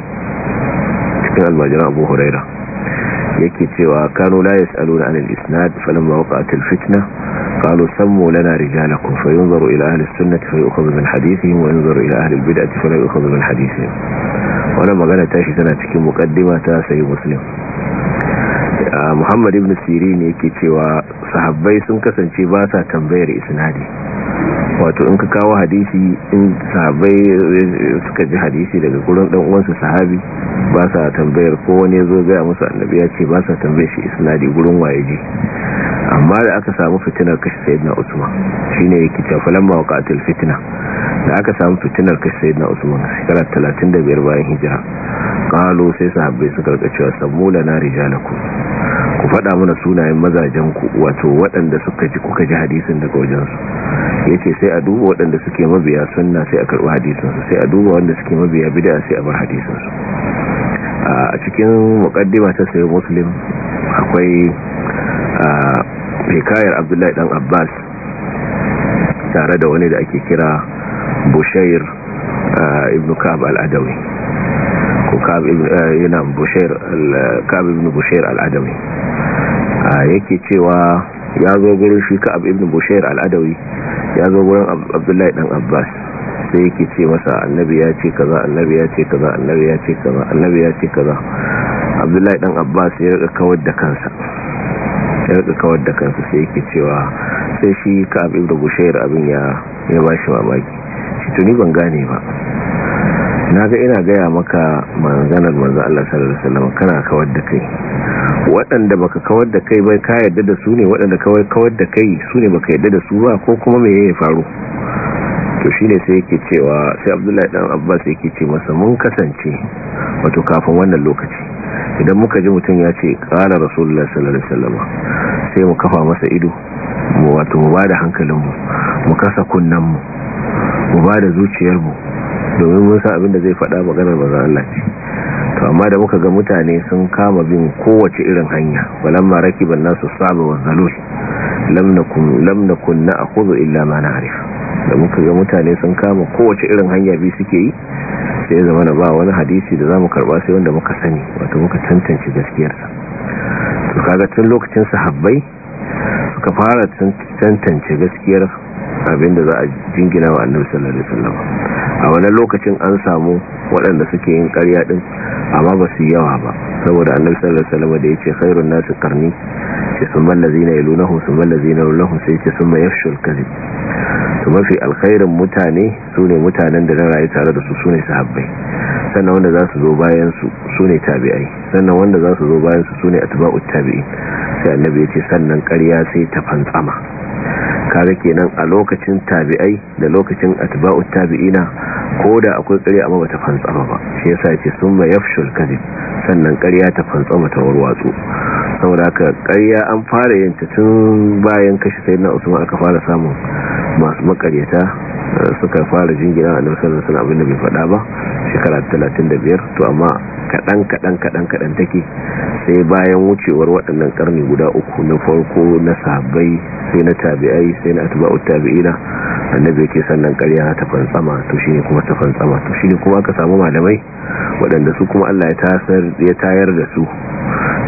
cikin almajiran Abu Huraira yake cewa kanu la yasaluna anil isnad falamma waqa'at al fitna قالوا سموا لنا رجالكم فينظر إلى أهل السنة فيأخذ من حديثهم وينظر إلى أهل البدعة فلا يأخذ من حديثهم wannan magana tashi tana cikin mukaddima ta sayi muslim muhammad ibn sirin yake cewa sahabbai sun kasance ba sa tambayar isnadi wato in ka kawo hadisi in sahabbai suka ji hadisi daga gurin dan uwansa sahabi ba sa tambayar ko wani zo gaya musu annabi ya ce ba sa tambayar shi isnadi gurin waye ji amma da aka samu fitinar kashi sayyidina usman shine yake cewa ma waqatil fitna da aka samu fitinar kashi sayyidina usman shekara 35 bayan hijira kalo sai sahabbai suka rika cewa sammula na ku faɗa mana sunayen mazajen ku wato waɗanda suka ji kuka ji hadisin daga wajensu yace sai a duba waɗanda suke mabiya sunna sai a karɓi hadisin sai a duba waɗanda suke mabiya bid'a sai a bar hadisinsu a cikin muqaddima ta sayi muslim akwai hikayar abdullahi dan abbas tare da wani da ake kira bushair ibn kab eh, al ko bushair al-adawi yake cewa ya zo gurin shi ka abin bushayar al'adawi ya zo gurin abdullahi dan abbas sai yake ce masa annabi ya ce kaza annabi ya ce kaza annabi ya ce kaza annabi ya ce kaza abdullahi dan abbas ya rika kawar da kansa ya rika kawar da kansa sai yake cewa sai shi ka da bushayar abin ya ya shi mamaki shi tuni ban gane ba na ga ina gaya maka manzanar manzo Allah sallallahu alaihi wasallam kana kawar da kai waɗanda baka kawar da kai bai ka yarda da su ne waɗanda kawai kawar da kai su ne baka yadda da su ba ko kuma me ya faru to shine sai yake cewa sai abdullahi dan abbas yake ce masa mun kasance wato kafin wannan lokaci idan muka ji mutum ya ce kala rasulullah sallallahu alaihi wasallam sai mu kafa masa ido mu wato mu bada hankalin mu mu kasa kunnan mu mu da zuciyar mu domin mun san abin da zai faɗa maganar manzon Allah ce to amma da muka ga mutane sun kama bin kowace irin hanya walamma ban nasu saba wa zalul lam nakun lam nakun na akhudhu illa ma na'rif da muka ga mutane sun kama kowace irin hanya bi suke yi sai zama na ba wani hadisi da zamu karba sai wanda muka sani wato muka tantance gaskiyarsa to kaga tun lokacin sahabbai suka fara tantance gaskiyar abinda za a jingina wa annabi sallallahu alaihi wasallam a wani lokacin an samu waɗanda suke yin ƙarya ɗin amma ba su yawa ba saboda annabi sallar alaihi wasallam da ce khairun nasu qarni ce sun malla summa allazina yalunahum summa allazina yalunahum sai yace summa yafshul kadhib su mafi alkhairun mutane su ne mutanen da na rayu tare da su su sune sahabbai sannan wanda za su zo bayan su su ne tabi'ai sannan wanda za su zo bayan su su sune atba'ut tabi'in sai annabi ce sannan ƙarya sai ta fantsama kare kenan a lokacin tabi'ai da lokacin atba'u tabi'ina ko da akwai ƙarya amma bata fantsama ba shi yasa ke summa yafshul kadib sannan ƙarya ta fantsama ta warwatsu saboda haka ƙarya an fara yin ta tun bayan kashi sayyidina Usman aka fara samun masu makaryata suka fara jingina a nasarar suna da bai fada ba shekara 35 to amma kaɗan kaɗan kaɗan kaɗan take sai bayan wucewar waɗannan ƙarni guda uku na farko na sabai sai na tabi'ai sai na atba'ut tabi'ina annabi yake sannan ƙarya ta fantsama to shine kuma ta fantsama to shine kuma aka samu malamai waɗanda su kuma Allah ya tayar da su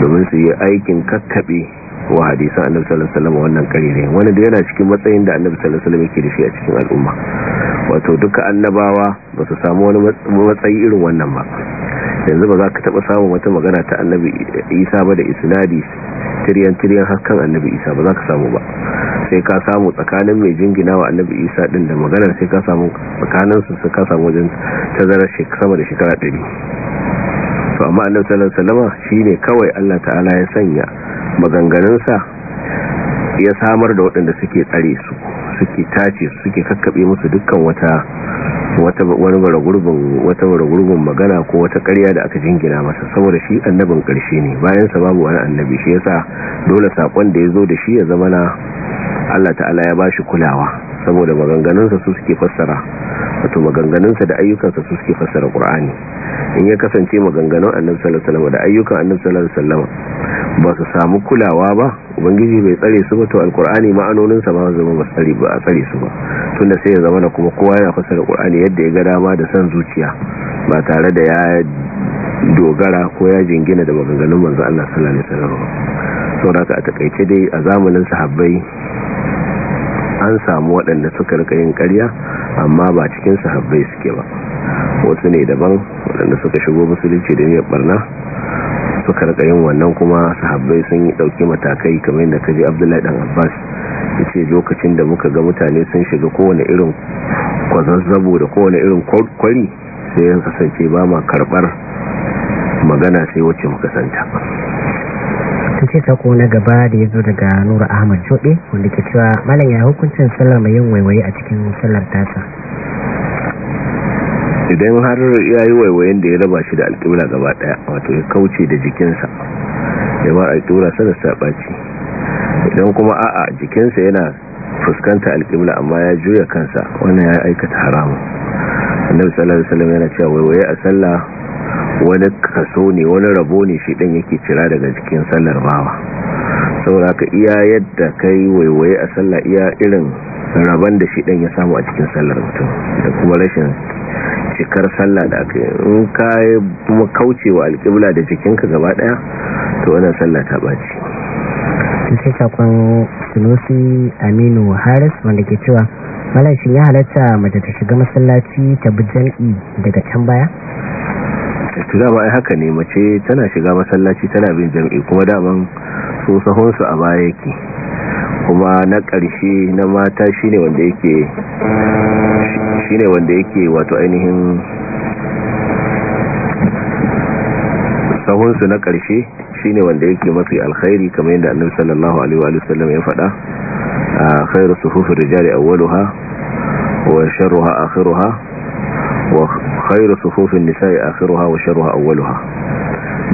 domin su yi aikin kakkaɓe wa hadisan annabi sallallahu alaihi wasallam wannan ne wanda da yana cikin matsayin da annabi sallallahu alaihi wasallam yake da shi a cikin al'umma wato duka annabawa ba su samu wani matsayi irin wannan ba yanzu ba za ka taba samu wata magana ta annabi isa ba da isnadi tiryan tiryan hakan annabi isa ba za ka samu ba sai ka samu tsakanin mai jingina wa annabi isa din da magana sai ka samu tsakanin su ka samu wajen tazarar sama da shekara 100 to amma annabi sallallahu alaihi wasallam shine kawai Allah ta'ala ya sanya maganganunsa ya samar da waɗanda suke tsare su suke tace su suke kakkaɓe musu dukkan wata wata wani gurbin magana ko wata ƙarya da aka jingina masa saboda shi annabin ƙarshe ne bayan sa babu wani annabi shi yasa dole saƙon da ya zo da shi ya zama na Allah ta'ala ya bashi kulawa saboda maganganunsa su suke fassara wato maganganunsa da ayyukansa su suke fassara qur'ani in ya kasance maganganun annabi sallallahu alaihi wasallam da ayyukan annabi sallallahu alaihi wasallam ba su samu kulawa ba ubangiji bai tsare su ba to alqur'ani ma'anoninsa ba zama ba tsare ba tsare su ba tunda sai ya zama na kuma kowa yana fassara qur'ani yadda ya ga dama da san zuciya ba tare da ya dogara ko ya jingina da maganganun manzo Allah sallallahu alaihi wasallam saboda a takaice dai a zamanin sahabbai an samu waɗanda suka rika yin ƙarya amma ba cikin sahabbai suke ba wasu ne daban waɗanda suka shigo musulunci da niyyar barna suka rika yin wannan kuma sahabbai sun yi ɗauki matakai kamar yadda kaji abdullahi ɗan abbas ya ce lokacin da muka ga mutane sun shiga kowane irin kwazazzabo da kowane irin kwari sai yin kasance ba ma karɓar magana sai wacce muka santa ta sako na gaba da ya zo daga nura ahmad joɗe wanda ke cewa malam ya hukuncin sallar mai yin waiwaye a cikin sallar tasa idan har ya yi waiwayen da ya raba shi da alƙibla gaba ɗaya wato ya kauce da jikinsa ya ma alƙibla sada saɓaci idan kuma a'a jikinsa yana fuskanta alƙibla amma ya juya kansa wannan ya aikata haramun annabi sallallahu alaihi wasallam yana cewa waiwaye a sallah wani kaso ne wani rabo ne shi ɗan yake cira daga cikin sallar bawa saboda ka iya yadda kai waiwaye a sallah iya irin rabon da shi ɗan ya samu a cikin sallar mutum da kuma rashin cikar sallar da aka in ka kuma kaucewa alƙibla da jikinka gaba ɗaya to wannan sallar ta ɓaci aminu haris wanda ke cewa malashin ya halatta mace ta shiga masallaci ta bi jan'i daga can baya to dama ai haka ne mace tana shiga masallaci tana bin jam'i kuma daman su sahunsu a baya yake kuma na ƙarshe na mata shine wanda yake shine wanda yake wato ainihin sahonsu na ƙarshe ne wanda yake mafi alkhairi kamar yadda annabi sallallahu alaihi wa sallam ya faɗa a ah, khairu sufufi rijali awwaluha wa sharruha akhiruha wa khairu sufufin nisa'i akhiruha wa sharruha awwaluha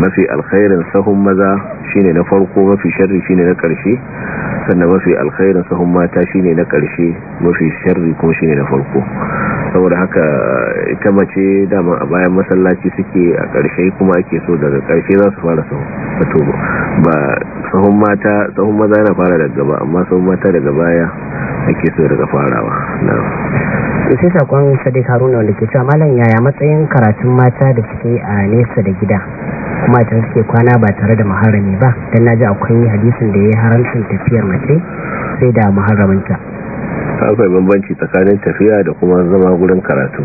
mafi alkhairin sahun maza shine na farko mafi sharri shine na karshe sannan mafi alkhairin sahun mata shine na karshe mafi sharri kuma shine na farko saboda haka ita mace dama a bayan masallaci suke a karshe kuma ake so daga karshe za su fara sahun ba sahun mata sahun maza yana fara da gaba amma sahun mata daga baya ake so daga farawa na'am to sai sakon sadiq haruna wanda ke cewa malam yaya matsayin karatun mata da suke a nesa da gida kuma can suke kwana ba tare da maharami ba don na ji akwai hadisin da ya yi haramcin tafiyar mace sai da maharaminta akwai bambanci tsakanin tafiya da kuma zama gurin karatu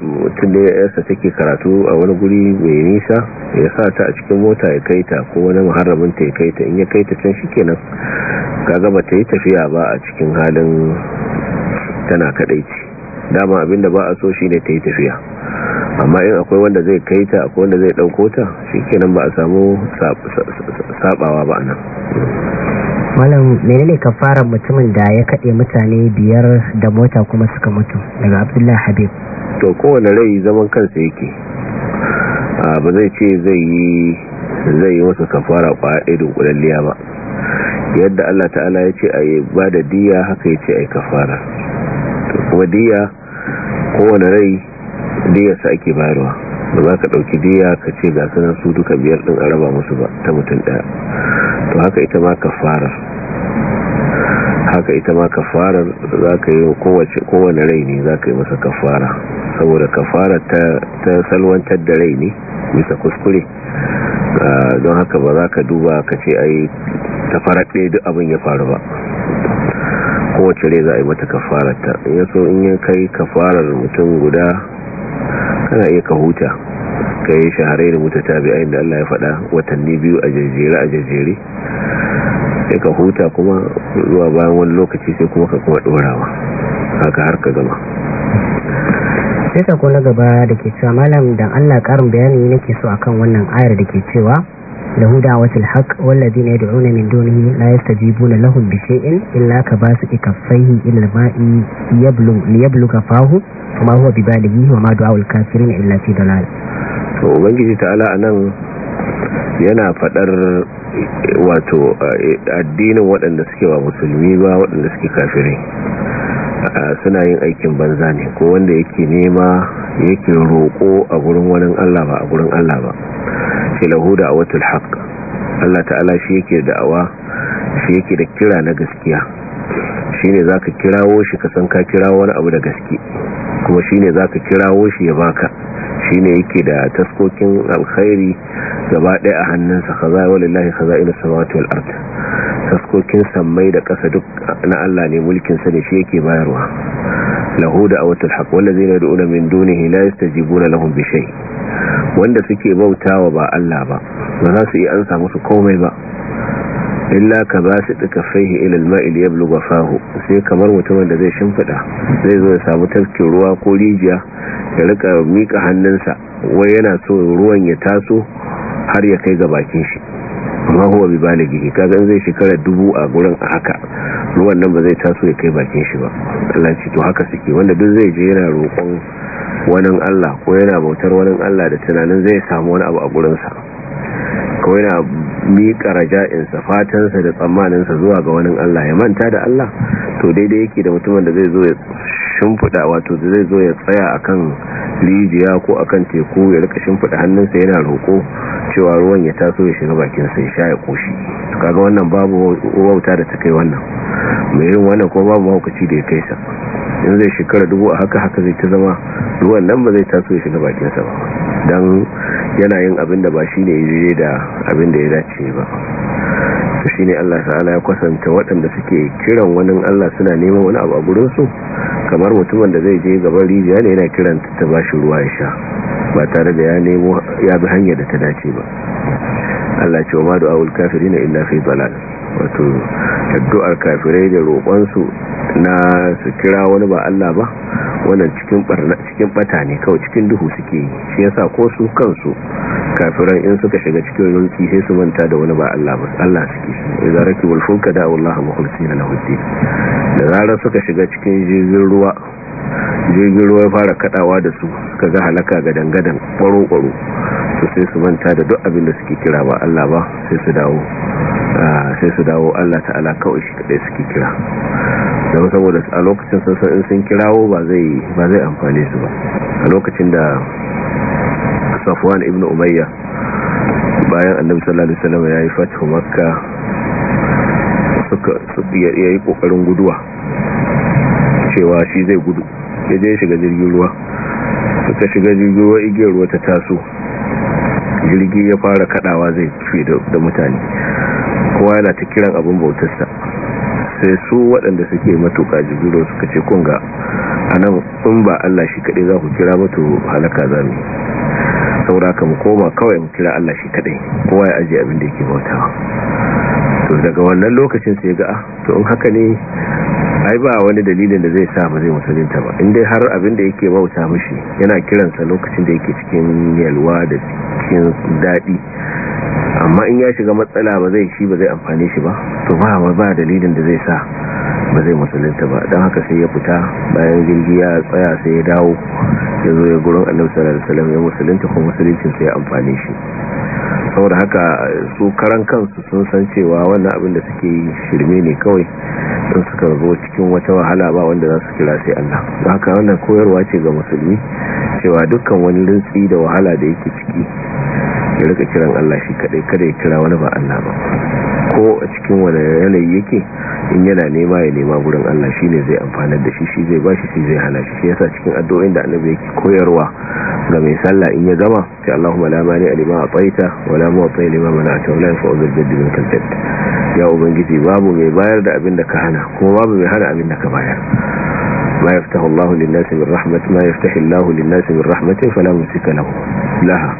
mutum da yasa take karatu a wani guri mai nisa ya sa ta a cikin mota ya kai ta ko wani maharaminta ya kai ta in ya kai ta can shi kenan kaga gaba ta yi tafiya ba a cikin halin tana kadaici dama abinda ba a so shine ta yi tafiya amma in akwai wanda zai kai ta akwai wanda zai dauko ta shikenan ba a samu sabawa ba nan malam mene menene kafarar mutumin da ya kade mutane biyar da mota kuma suka mutu daga abdullahi habib to kowane rai zaman kansa yake ba zai ce zai yi zai yi masa kafara kwaɗe kulalliya ba yadda Allah ta'ala ya ce a yi ba da diya haka ya ce a yi kafara wadiya kowane rai diyarsa ake bayarwa ba za ka ɗauki diya ka ce ga sanar su duka biyar ɗin a raba musu ba ta mutum ɗaya to haka ita ma ka fara haka ita ma fara za ka yi kowace kowane rai ne za ka yi masa ka fara saboda ka fara ta salwantar da rai ne bisa kuskure ah, don haka ba za ka duba ka ce ai ta fara ɗaya duk abin ya faru ba kowace rai za a yi mata kafararta ya so in ya kai kafarar mutum guda kana iya ka huta ka yi shaharai da mutu ta mutatabi'ai inda Allah ya faɗa watanni biyu a jejjere a jejjere sai ka huta kuma zuwa bayan wani lokaci sai kuma ka kuma dorawa haka har ka gama sai sako na gaba da ke cewa malam dan Allah karin bayani nake so akan wannan ayar da ke cewa lahu da'watul haqq walladhina yad'una min dunihi la yastajibuna lahum bi shay'in illa kabasitu kaffayhi ila ma'i yablu liyabluga fahu kuma huwa bibalighi wa ma du'aul kafirin a fi dalal to ubangiji ta'ala nan yana faɗar wato eh, addinin waɗanda suke ba musulmi ba waɗanda suke kafirai ah, suna yin aikin banza ne ko wanda yake nema yake roƙo a gurin wani Allah ba a gurin Allah ba shi lahu da awatul Allah ta'ala shi yake da'awa shi yake da kira na gaskiya shine ka kirawo shi ka san ka kirawo wani abu da gaske kuma shine zaka kirawo shi ya baka shine yake da taskokin alkhairi gaba ɗaya a hannunsa ka zai wani lahi ka zai taskokin sammai da ƙasa duk na Allah ne mulkin ne shi yake bayarwa lahu da'awatul haqq wallazi la yad'una min dunihi la yastajibuna lahum bi shay wanda suke bautawa ba Allah ba ba za su yi ansa musu komai ba illa ka ba su duka faihi ilal ma'il ya fahu sai kamar mutumin da zai shimfiɗa zai zo ya samu tafkin ruwa ko rijiya ya rika mika hannunsa wai yana so ruwan ya taso har ya kai ga bakin shi amma huwa bi balighi kaga zai shekara dubu a gurin a haka ruwan nan ba zai taso ya kai bakin shi ba Allah ce to haka suke wanda duk zai je yana roƙon wani Allah ko yana bautar wani Allah da tunanin zai samu wani abu a gurin sa ko yana miƙa fatan sa da tsammanin sa zuwa ga wani Allah ya manta da Allah to daidai yake da mutumin da zai zo ya shimfuda wato zai zo ya tsaya akan rijiya ko akan teku ya rika shimfida hannunsa yana roko cewa ruwan ya taso ya shiga bakinsa ya sha ya koshi kaga wannan babu wauta da ta kai wannan mai yin wannan ko babu mahaukaci da ya kai sa in zai shekara dubu a haka haka zai ta zama ruwan nan ba zai taso ya shiga sa ba don yana yin abin da ba shi ne ya da abin da ya dace ba shi ne Allah ta'ala ya kwasanta waɗanda suke kiran wani Allah suna neman wani abu a gurin kamar mutumin da zai je gaban rijiya ne yana kiran ta bashi ruwa ya sha ba tare da ya nemo ya bi hanyar da ta dace ba Allah ce wa ma du'a ul kafirina illa fi balal wato addu'ar kafirai da roƙonsu na su kira wani ba Allah ba wannan cikin barna cikin bata ne kawai cikin duhu suke shi yasa ko su kansu kafiran in suka shiga cikin yunki sai su manta da wani ba Allah ba Allah suke idza rakibul fulka da Allah mukhlisina lahu da zarar suka shiga cikin jirgin ruwa jirgin ruwa ya fara kadawa da su ka ga halaka ga dangadan kwaro-kwaro su sai su manta da duk abin da suke kira ba Allah ba sai su dawo ah, sai su dawo Allah ta'ala kawai shi kadai suke kira don saboda a lokacin sassan in sun kirawo ba zai amfane su ba a lokacin da safwan ibn umayya bayan annabi sallallahu alaihi wasallam yi fatihu makka suka suka yayi kokarin guduwa cewa shi zai gudu ya je shiga jirgin ruwa suka shiga jirgin ruwa igiyar ruwa ta taso jirgi ya fara kadawa zai fi da mutane kowa yana ta kiran abin bautarsa sai su waɗanda suke matuƙa jirgin ruwa suka ce kunga a nan in ba allah shi kaɗai za ku kira mutu halaka za mu saura ka mu koma kawai mu kira allah shi kaɗai kowa ya ajiye abin da yake bautawa to daga wannan lokacin sai ga ah, to in haka ne ai ba wani dalilin da zai sa ba zai musulunta ba inda har abin da yake bauta mashi yana kiransa lokacin da yake cikin yalwa da cikin daɗi amma in ya shiga matsala ba zai shi ba zai amfane shi ba to ba ba dalilin da zai sa ba zai musulunta ba don haka sai ya fita bayan jirgi ya tsaya sai ya dawo ya zo ya gurin annabi sallallahu alaihi ya musulunta kuma musulunci sai ya amfane shi saboda haka su karan kansu sun san cewa wannan abin da suke shirme ne kawai sun suka zo cikin wata wahala ba wanda za su kira sai Allah haka wannan koyarwa ce ga musulmi cewa dukkan wani lintsi da wahala da yake ciki ya rika kiran Allah shi kadai kada ya kira wani ba Allah ba ko a cikin wani yanayi yake in yana nema ya nema wurin Allah shi ne zai amfanar da shi shi zai ba shi zai hana shi shi yasa cikin addu'o'in da annabi yake koyarwa ga mai sallah in ya gama sai Allahumma la mani alima tsaita wa la mu'ti lima mana'ta a la yanfa'u dhal jaddi minkal jadd ya ubangiji babu mai bayar da abin da ka hana kuma babu mai hana abin da ka bayar ما يفتح الله للناس من رحمة ما يفتح الله للناس من رحمة فلا مسك له لها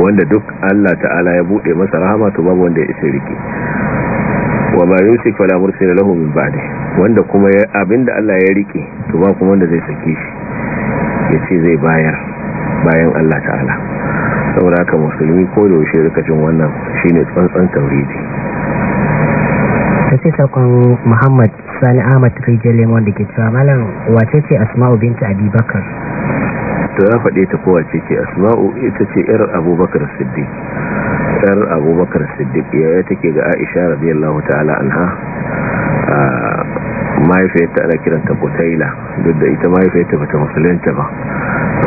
wanda duk Allah ta'ala ya bude masa rahama to babu wanda ya isa rike wa ma yusik fala mursila lahu min ba'di wanda kuma abinda Allah ya rike to ba kuma wanda zai saki shi yace zai bayar bayan Allah ta'ala saboda haka musulmi ko da yaushe rika wannan shine tsantsan tauridi sai sakon Muhammad Sani Ahmad Rijal Lemon da ke cewa malam wace ce Asma'u binta Abubakar to ya faɗe ta kowace ce asma'u ita ce yar abubakar siddiq yar abubakar siddiq yaya take ga aisha radiyallahu ta'ala anha mahaifiyarta ana kiranta kutaila duk da ita mahaifiyarta bata musulunta ba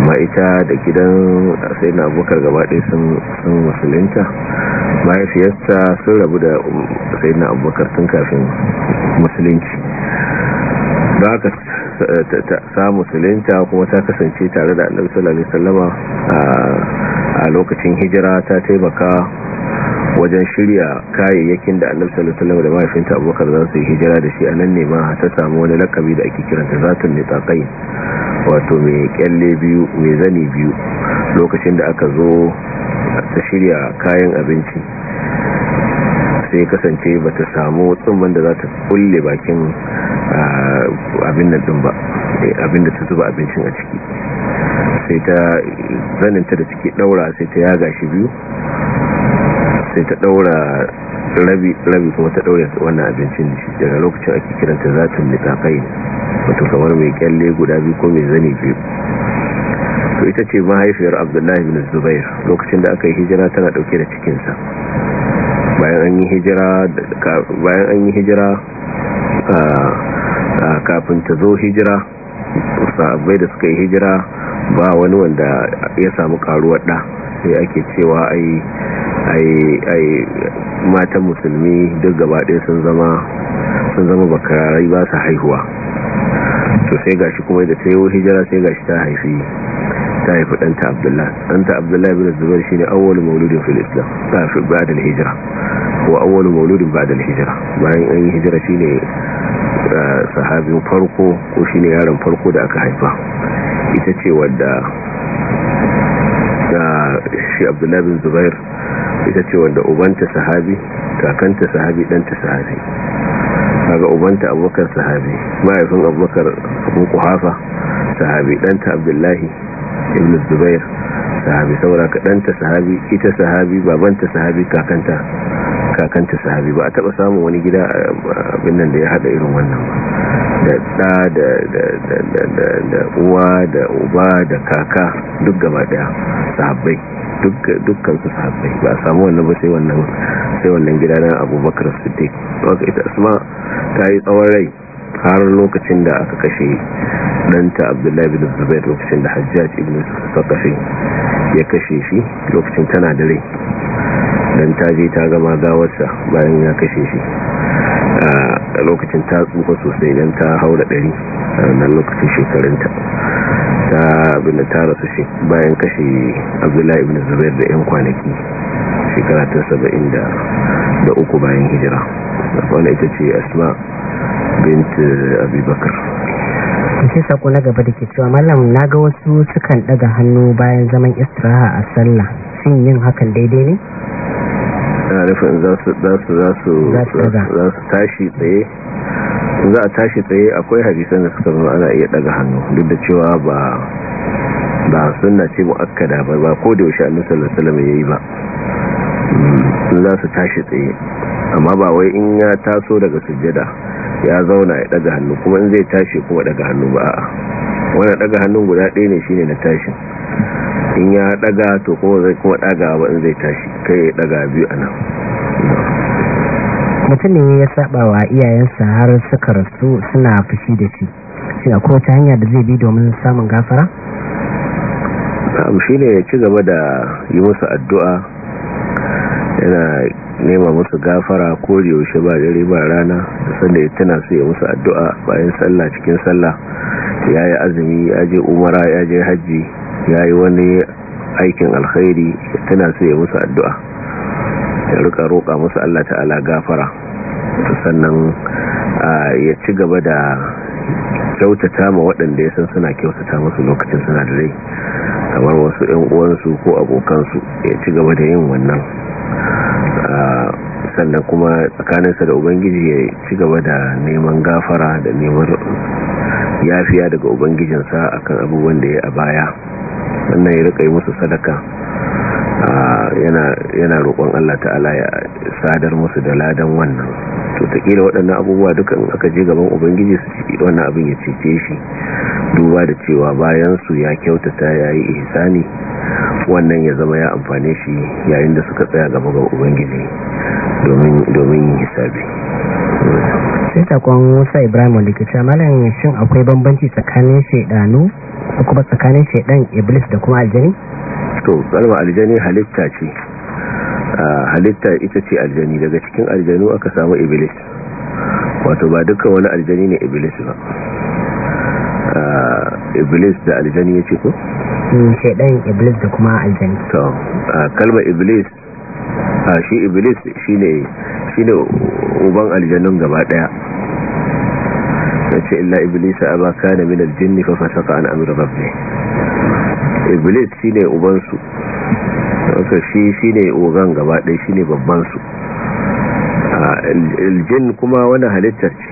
amma ita da gidan sai na abubakar gabaɗe sun musulunta mahaifiyarta sun rabu da sai na abubakar tun kafin musulunci ba ka ta musulinta kuma ta kasance tare da annabi sallallahu alaihi wasallama a lokacin hijira ta taimaka wajen shirya kayayyakin da annabi sallallahu alaihi wasallama da mahaifinta Abubakar za su hijira da shi a nan ne ma ta samu wani lakabi da ake kiranta zatun nitaqai wato mai kyalle biyu mai zani biyu lokacin da aka zo ta shirya kayan abinci sai kasance ba ta samu tsumman da za ta kulle bakin abin da ba eh, abin da ta zuba abincin a ciki sai ta zaninta da ciki daura sai ta yaga shi biyu sai ta daura rabi rabi kuma ta daura wannan abincin da shi daga lokacin ake kiranta nika ne, wato kamar mai kyalle guda biyu ko mai zani biyu to ita ce mahaifiyar abdullahi bin zubair lokacin da aka yi hijira tana dauke da cikinsa bayan an yi hijira a kafin ta zo hijira sahabbai da suka yi hijira ba wani wanda ya samu karuwar ɗa sai ake cewa ai ai matan musulmi duk gaba ɗaya sun zama sun zama bakararai ba su haihuwa to sai gashi kuma da ta yi hijira sai gashi ta haifi ta haifi ɗanta abdullahi ɗanta abdullahi bin zubar shi ne awwal mauludin filistin ta haifi ba da hijira ko awwal mauludin ba da hijira bayan an yi hijira shi ne sahabin farko ko shine yaron farko da aka haifa ita ce wadda da shi abdullahi zubair ita ce wadda ubanta sahabi kakanta sahabi danta sahabi kaga ubanta abokan sahabi mahaifin abokan abu kuhafa sahabi danta abdullahi ibn zubair sahabi saboda ka danta sahabi ita sahabi babanta sahabi kakanta kakanta sahabi ba a taba samun wani gida abin nan da ya hada irin wannan da da da da da uwa da uba da kaka duk gaba daya sahabbai dukkan su sahabbai ba a samu wannan ba sai wannan sai wannan gida na abubakar siddiq wanda ita asma ta yi tsawon rai har lokacin da aka kashe danta abdullahi bin zubair lokacin da hajjaj ibn sakafi ya kashe shi lokacin tana da rai idan ta je ta gama gawarsa bayan ya kashe shi a lokacin ta tsufa sosai dan ta haura dari a lokacin shekarunta ta abin ta rasu shi bayan kashe abdullahi ibn zubair da 'yan kwanaki shekara saba'in da uku bayan hijira wanda ita ce asma bint abubakar ke sako na gaba da ke cewa malam na ga wasu sukan daga hannu bayan zaman istiraha a sallah shin yin hakan daidai ne ana nufin za su tashi tsaye za a tashi tsaye akwai hadisan da suka zama ana iya daga hannu duk da cewa ba ba sunna ce muakkada ba ba ko da yaushe annabi sallallahu alaihi wasallam yayi ba mm, za su tashi tsaye amma ba wai in ya taso daga sujjada ya zauna ya daga hannu kuma in zai tashi kuma daga hannu ba a'a wannan daga hannun guda ɗaya ne shine na tashin in ya daga to kuma zai kuma daga ba in zai tashi kai ya daga biyu a nan mutum ne ya saba wa iyayensa har suka rasu suna fushi da shi shi a kowace hanya da zai bi domin samun gafara? abu shi ne ya ci gaba da yi musu addu'a yana nema musu gafara ko yaushe ba dare ba rana da sanda ya tana su ya musu addu'a bayan sallah cikin sallah ya yi azumi ya je umara ya je hajji ya yi wani aikin alkhairi tana so ya musu addu'a ya rika roƙa musu Allah ta'ala gafara sannan ya ci gaba da kyautata ma waɗanda ya san suna kyautata musu lokacin suna da rai kamar wasu 'yan uwansu ko abokansu ya ci gaba da yin wannan sannan kuma tsakaninsa da ubangiji ya ci gaba da neman gafara da neman yafiya daga ubangijinsa akan abubuwan da ya a baya wannan ya rika musu sadaka yana roƙon Allah ta'ala ya sadar musu da ladan wannan to taƙila waɗannan abubuwa dukan aka je gaban ubangiji su ciki wannan abin ya cece shi duba da cewa bayan su ya kyautata ya yi ihsani wannan ya zama ya amfane shi yayin da suka tsaya gaba ga ubangiji domin yin hisabi sai takon musa ibrahim wanda ke cewa malamin shin akwai bambanci tsakanin shaidanu ko kuma tsakanin shaidan iblis da kuma aljani to kalma aljani halitta ce halitta ita ce aljani daga cikin aljanu aka samu iblis wato ba dukkan wani aljani ne iblis ba iblis da aljani ya ce ko? Hmm, shaidan iblis da kuma aljani to kalmar iblis shi iblis shi ne uban aljanun gaba daya ce illa iblis aba kana min minar jini fa an amri rabbi iblis shine uban su wasu shi shine ogan gaba ɗaya shine babban su iljin kuma wani halittar ce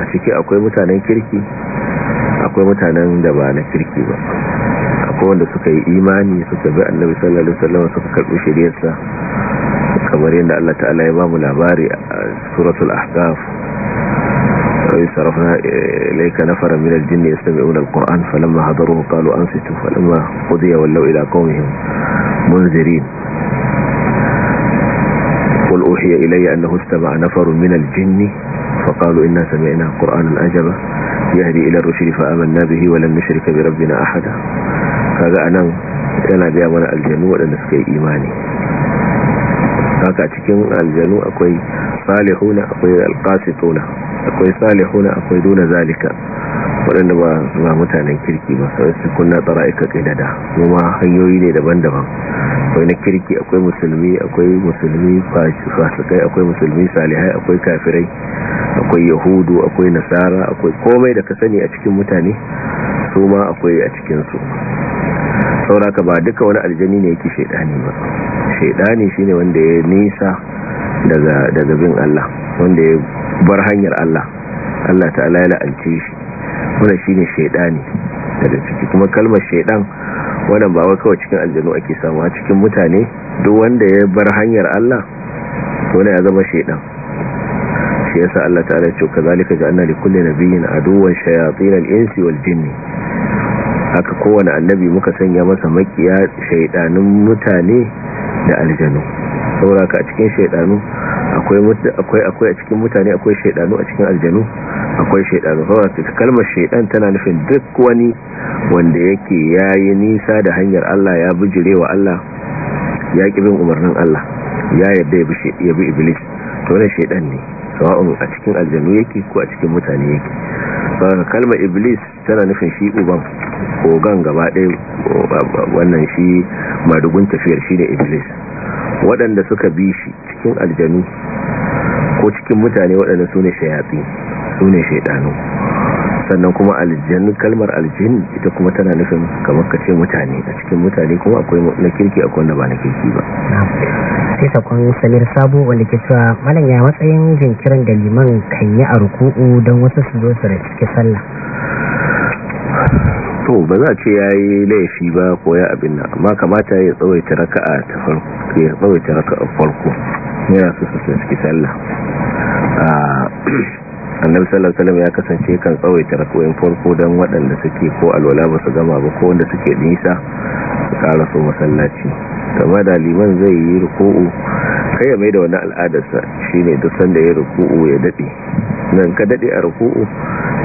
a ciki akwai mutanen kirki akwai mutanen da ba na kirki ba akwai wanda suka yi imani suka bi annabi sallallahu alaihi wasallam suka karbi shiriyarsa kamar yadda Allah ta'ala ya ba mu labari a suratul ahqaf وإذ صرفنا إليك نفر من الجن يستمعون القرآن فلما حضروه قالوا أنصتوا فلما قضي ولوا إلى قومهم منذرين قل أوحي إلي أنه استمع نفر من الجن فقالوا إنا سمعنا قرآنا أجبا يهدي إلى الرشد فآمنا به ولن نشرك بربنا أحدا هذا أنا yana biya mana aljanu waɗanda suka yi imani haka cikin aljanu akwai salihuna akwai akwai salihuna akwai duna zalika waɗanda ba mutanen kirki ba sai su kunna tsara'ika qidada kuma hanyoyi ne daban-daban akwai na kirki akwai musulmi akwai musulmi fasikai akwai musulmi salihai akwai kafirai akwai yahudu akwai nasara akwai komai da ka sani a cikin mutane su ma akwai a cikin su sauraka ba duka wani aljani ne yake shaidani ba shaidani shine wanda ya nisa daga bin Allah wanda ya bar hanyar Allah Allah ta'ala ya la'ance shi wannan shine shaydani daga ciki kuma kalmar shaydan wannan ba wai kawai cikin aljanu ake samu a cikin mutane duk wanda ya bar hanyar Allah to ne ya zama shaydan shi yasa Allah ta'ala ya ce kazalika ja'alna li kulli nabiyyin aduwwan shayatin al-insi wal jinni haka kowane annabi muka sanya masa makiya shaydanun mutane da aljanu saboda a cikin shaydanu akwai a cikin mutane akwai shaiɗanu a cikin aljanu akwai shaydanu ta kalmar shaidan tana nufin duk wani wanda yake yayi nisa da hanyar Allah ya bijirewa Allah ya ki bin umarnin Allah ya yadda ya bi iblis to shaiɗan shaidan ne sawa'un a cikin aljanu yake ko a cikin mutane yake saboda kalmar iblis tana nufin shi uban ogan gaba ɗaya wannan shi madugun tafiyar shi ne iblis waɗanda suka bi shi cikin aljanu ko cikin mutane waɗanda su ne shayafi su ne shaidanu sannan kuma aljin kalmar aljin ita kuma tana nufin kamar kace mutane a cikin mutane kuma akwai na kirki akwai wanda ba na kirki ba sai sakon samir sabo wanda ke cewa malam ya matsayin jinkirin da liman kan yi a ruku'u don wasu su zo su riske sallah to ba za ce ya yi laifi ba ko ya abin nan amma kamata ya tsawaita raka'a ta farko yana su su sallah ah, annabi sallallahu alaihi ya kasance kan tsawaita rakoyin farko don waɗanda suke ko alwala ba su gama ba ko wanda suke nisa su ƙara so masallaci kamar da liman zai yi ruku'u kai ya mai da wani al'adarsa shine duk sanda ya ruku'u ya daɗe nan ka daɗe a ruku'u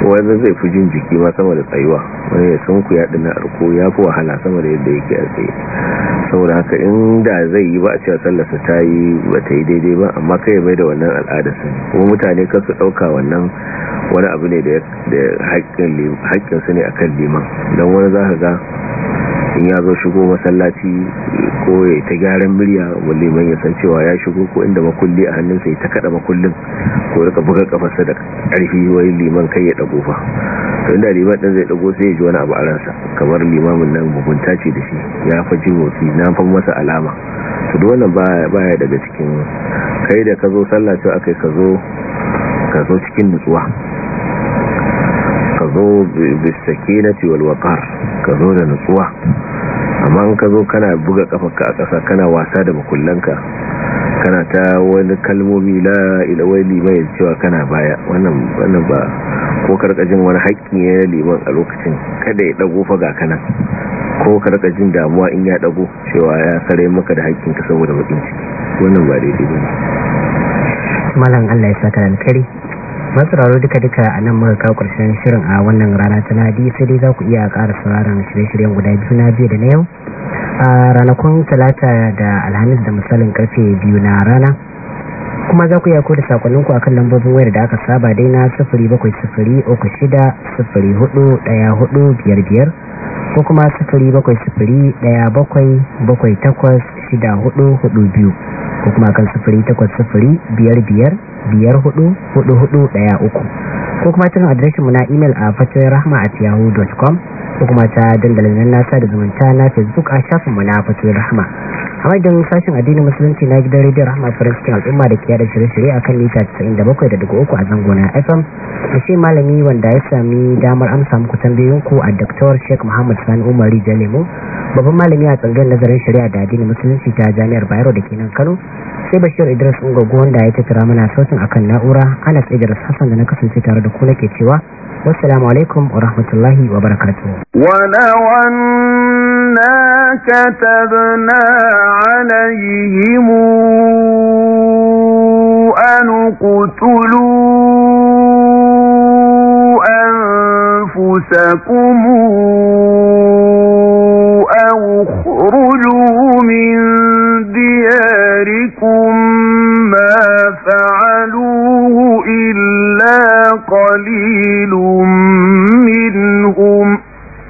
wanda zai fi jin jiki ma sama da tsayuwa wani eh, ya ku ya dina arko ya fi wahala sama da yadda yake a tsaye saboda haka inda zai yi ba a cewa sallarsa ta yi ba ta yi daidai ba amma kai ya mai da wannan al'adarsa kuma mutane kan su ɗauka wannan wani abu ne da haƙƙinsu ne a kan liman don wani za ka ga in ya zo shigo masallaci ko ya ta gyaran murya wanda mai ya san cewa ya shigo ko inda makulli a hannun ya ta kada makullin ko rika buga kafarsa da karfi wai liman kai ya dago fa to inda liman din zai dago sai ya ji wani abu a ransa kamar limamin nan mugunta ce da shi ya fa ji motsi na fa masa alama to duk wannan baya daga cikin kai da ka zo sallah to akai ka zo ka zo cikin nutsuwa ka zo bisakinati wal waqar ka zo da nutsuwa amma in ka zo kana buga kafarka a kasa kana wasa da makullanka kana ta wani kalmomi la ilawai liman cewa kana baya wannan ba ko karkajin wani haƙƙi ya liman a lokacin kada ya ɗago faga kana ko karkajin damuwa in ya ɗago cewa ya sare maka da haƙƙinka saboda bakin ciki wannan ba daidai ba malam Allah ya kare raro duka-duka a nan maka ƙarshen shirin a wannan rana ta ladi sai dai za ku iya ƙara sauraron shirye-shiryen guda biyu na biyu da na yau a ranakun talata da alhamis da misalin karfe biyu na rana kuma za ku iya koda a akan lambobin wayar da aka saba dai na 0706 shida biyar biyar ko kuma sifiri bakwai sifiri ɗaya bakwai bakwai takwas shida hudu hudu biyu ko kuma kan sifiri takwas sifiri biyar biyar biyar hudu hudu hudu ɗaya uku ko kuma cikin mu na imel a fatoyin rahama at yahoo.com ko kuma ta dandalin na sada zumunta na facebook a shafin mu na fatin rahama a wajen sashen addinin musulunci na gidan rediyo rahama farin cikin al'umma da kiyar yada shirye-shirye akan mita 97.3 a zangona fm a ce malami wanda ya sami damar amsa muku ku a dr sheik muhammad sani umar rijal lemo babban malami a tsangayar nazarin shari'a da addinin musulunci ta jami'ar bayero da kenan kano sai bashir idris ungogo wanda ya tattara mana sautin akan na'ura ana tsegar hassan da na kasance tare da ku nake cewa wassalamu alaikum wa rahmatullahi wa barakatuhu ولو أنا كتبنا عليهم أن اقتلوا أنفسكم أو اخرجوا من دياركم ما فعلوه إلا قليل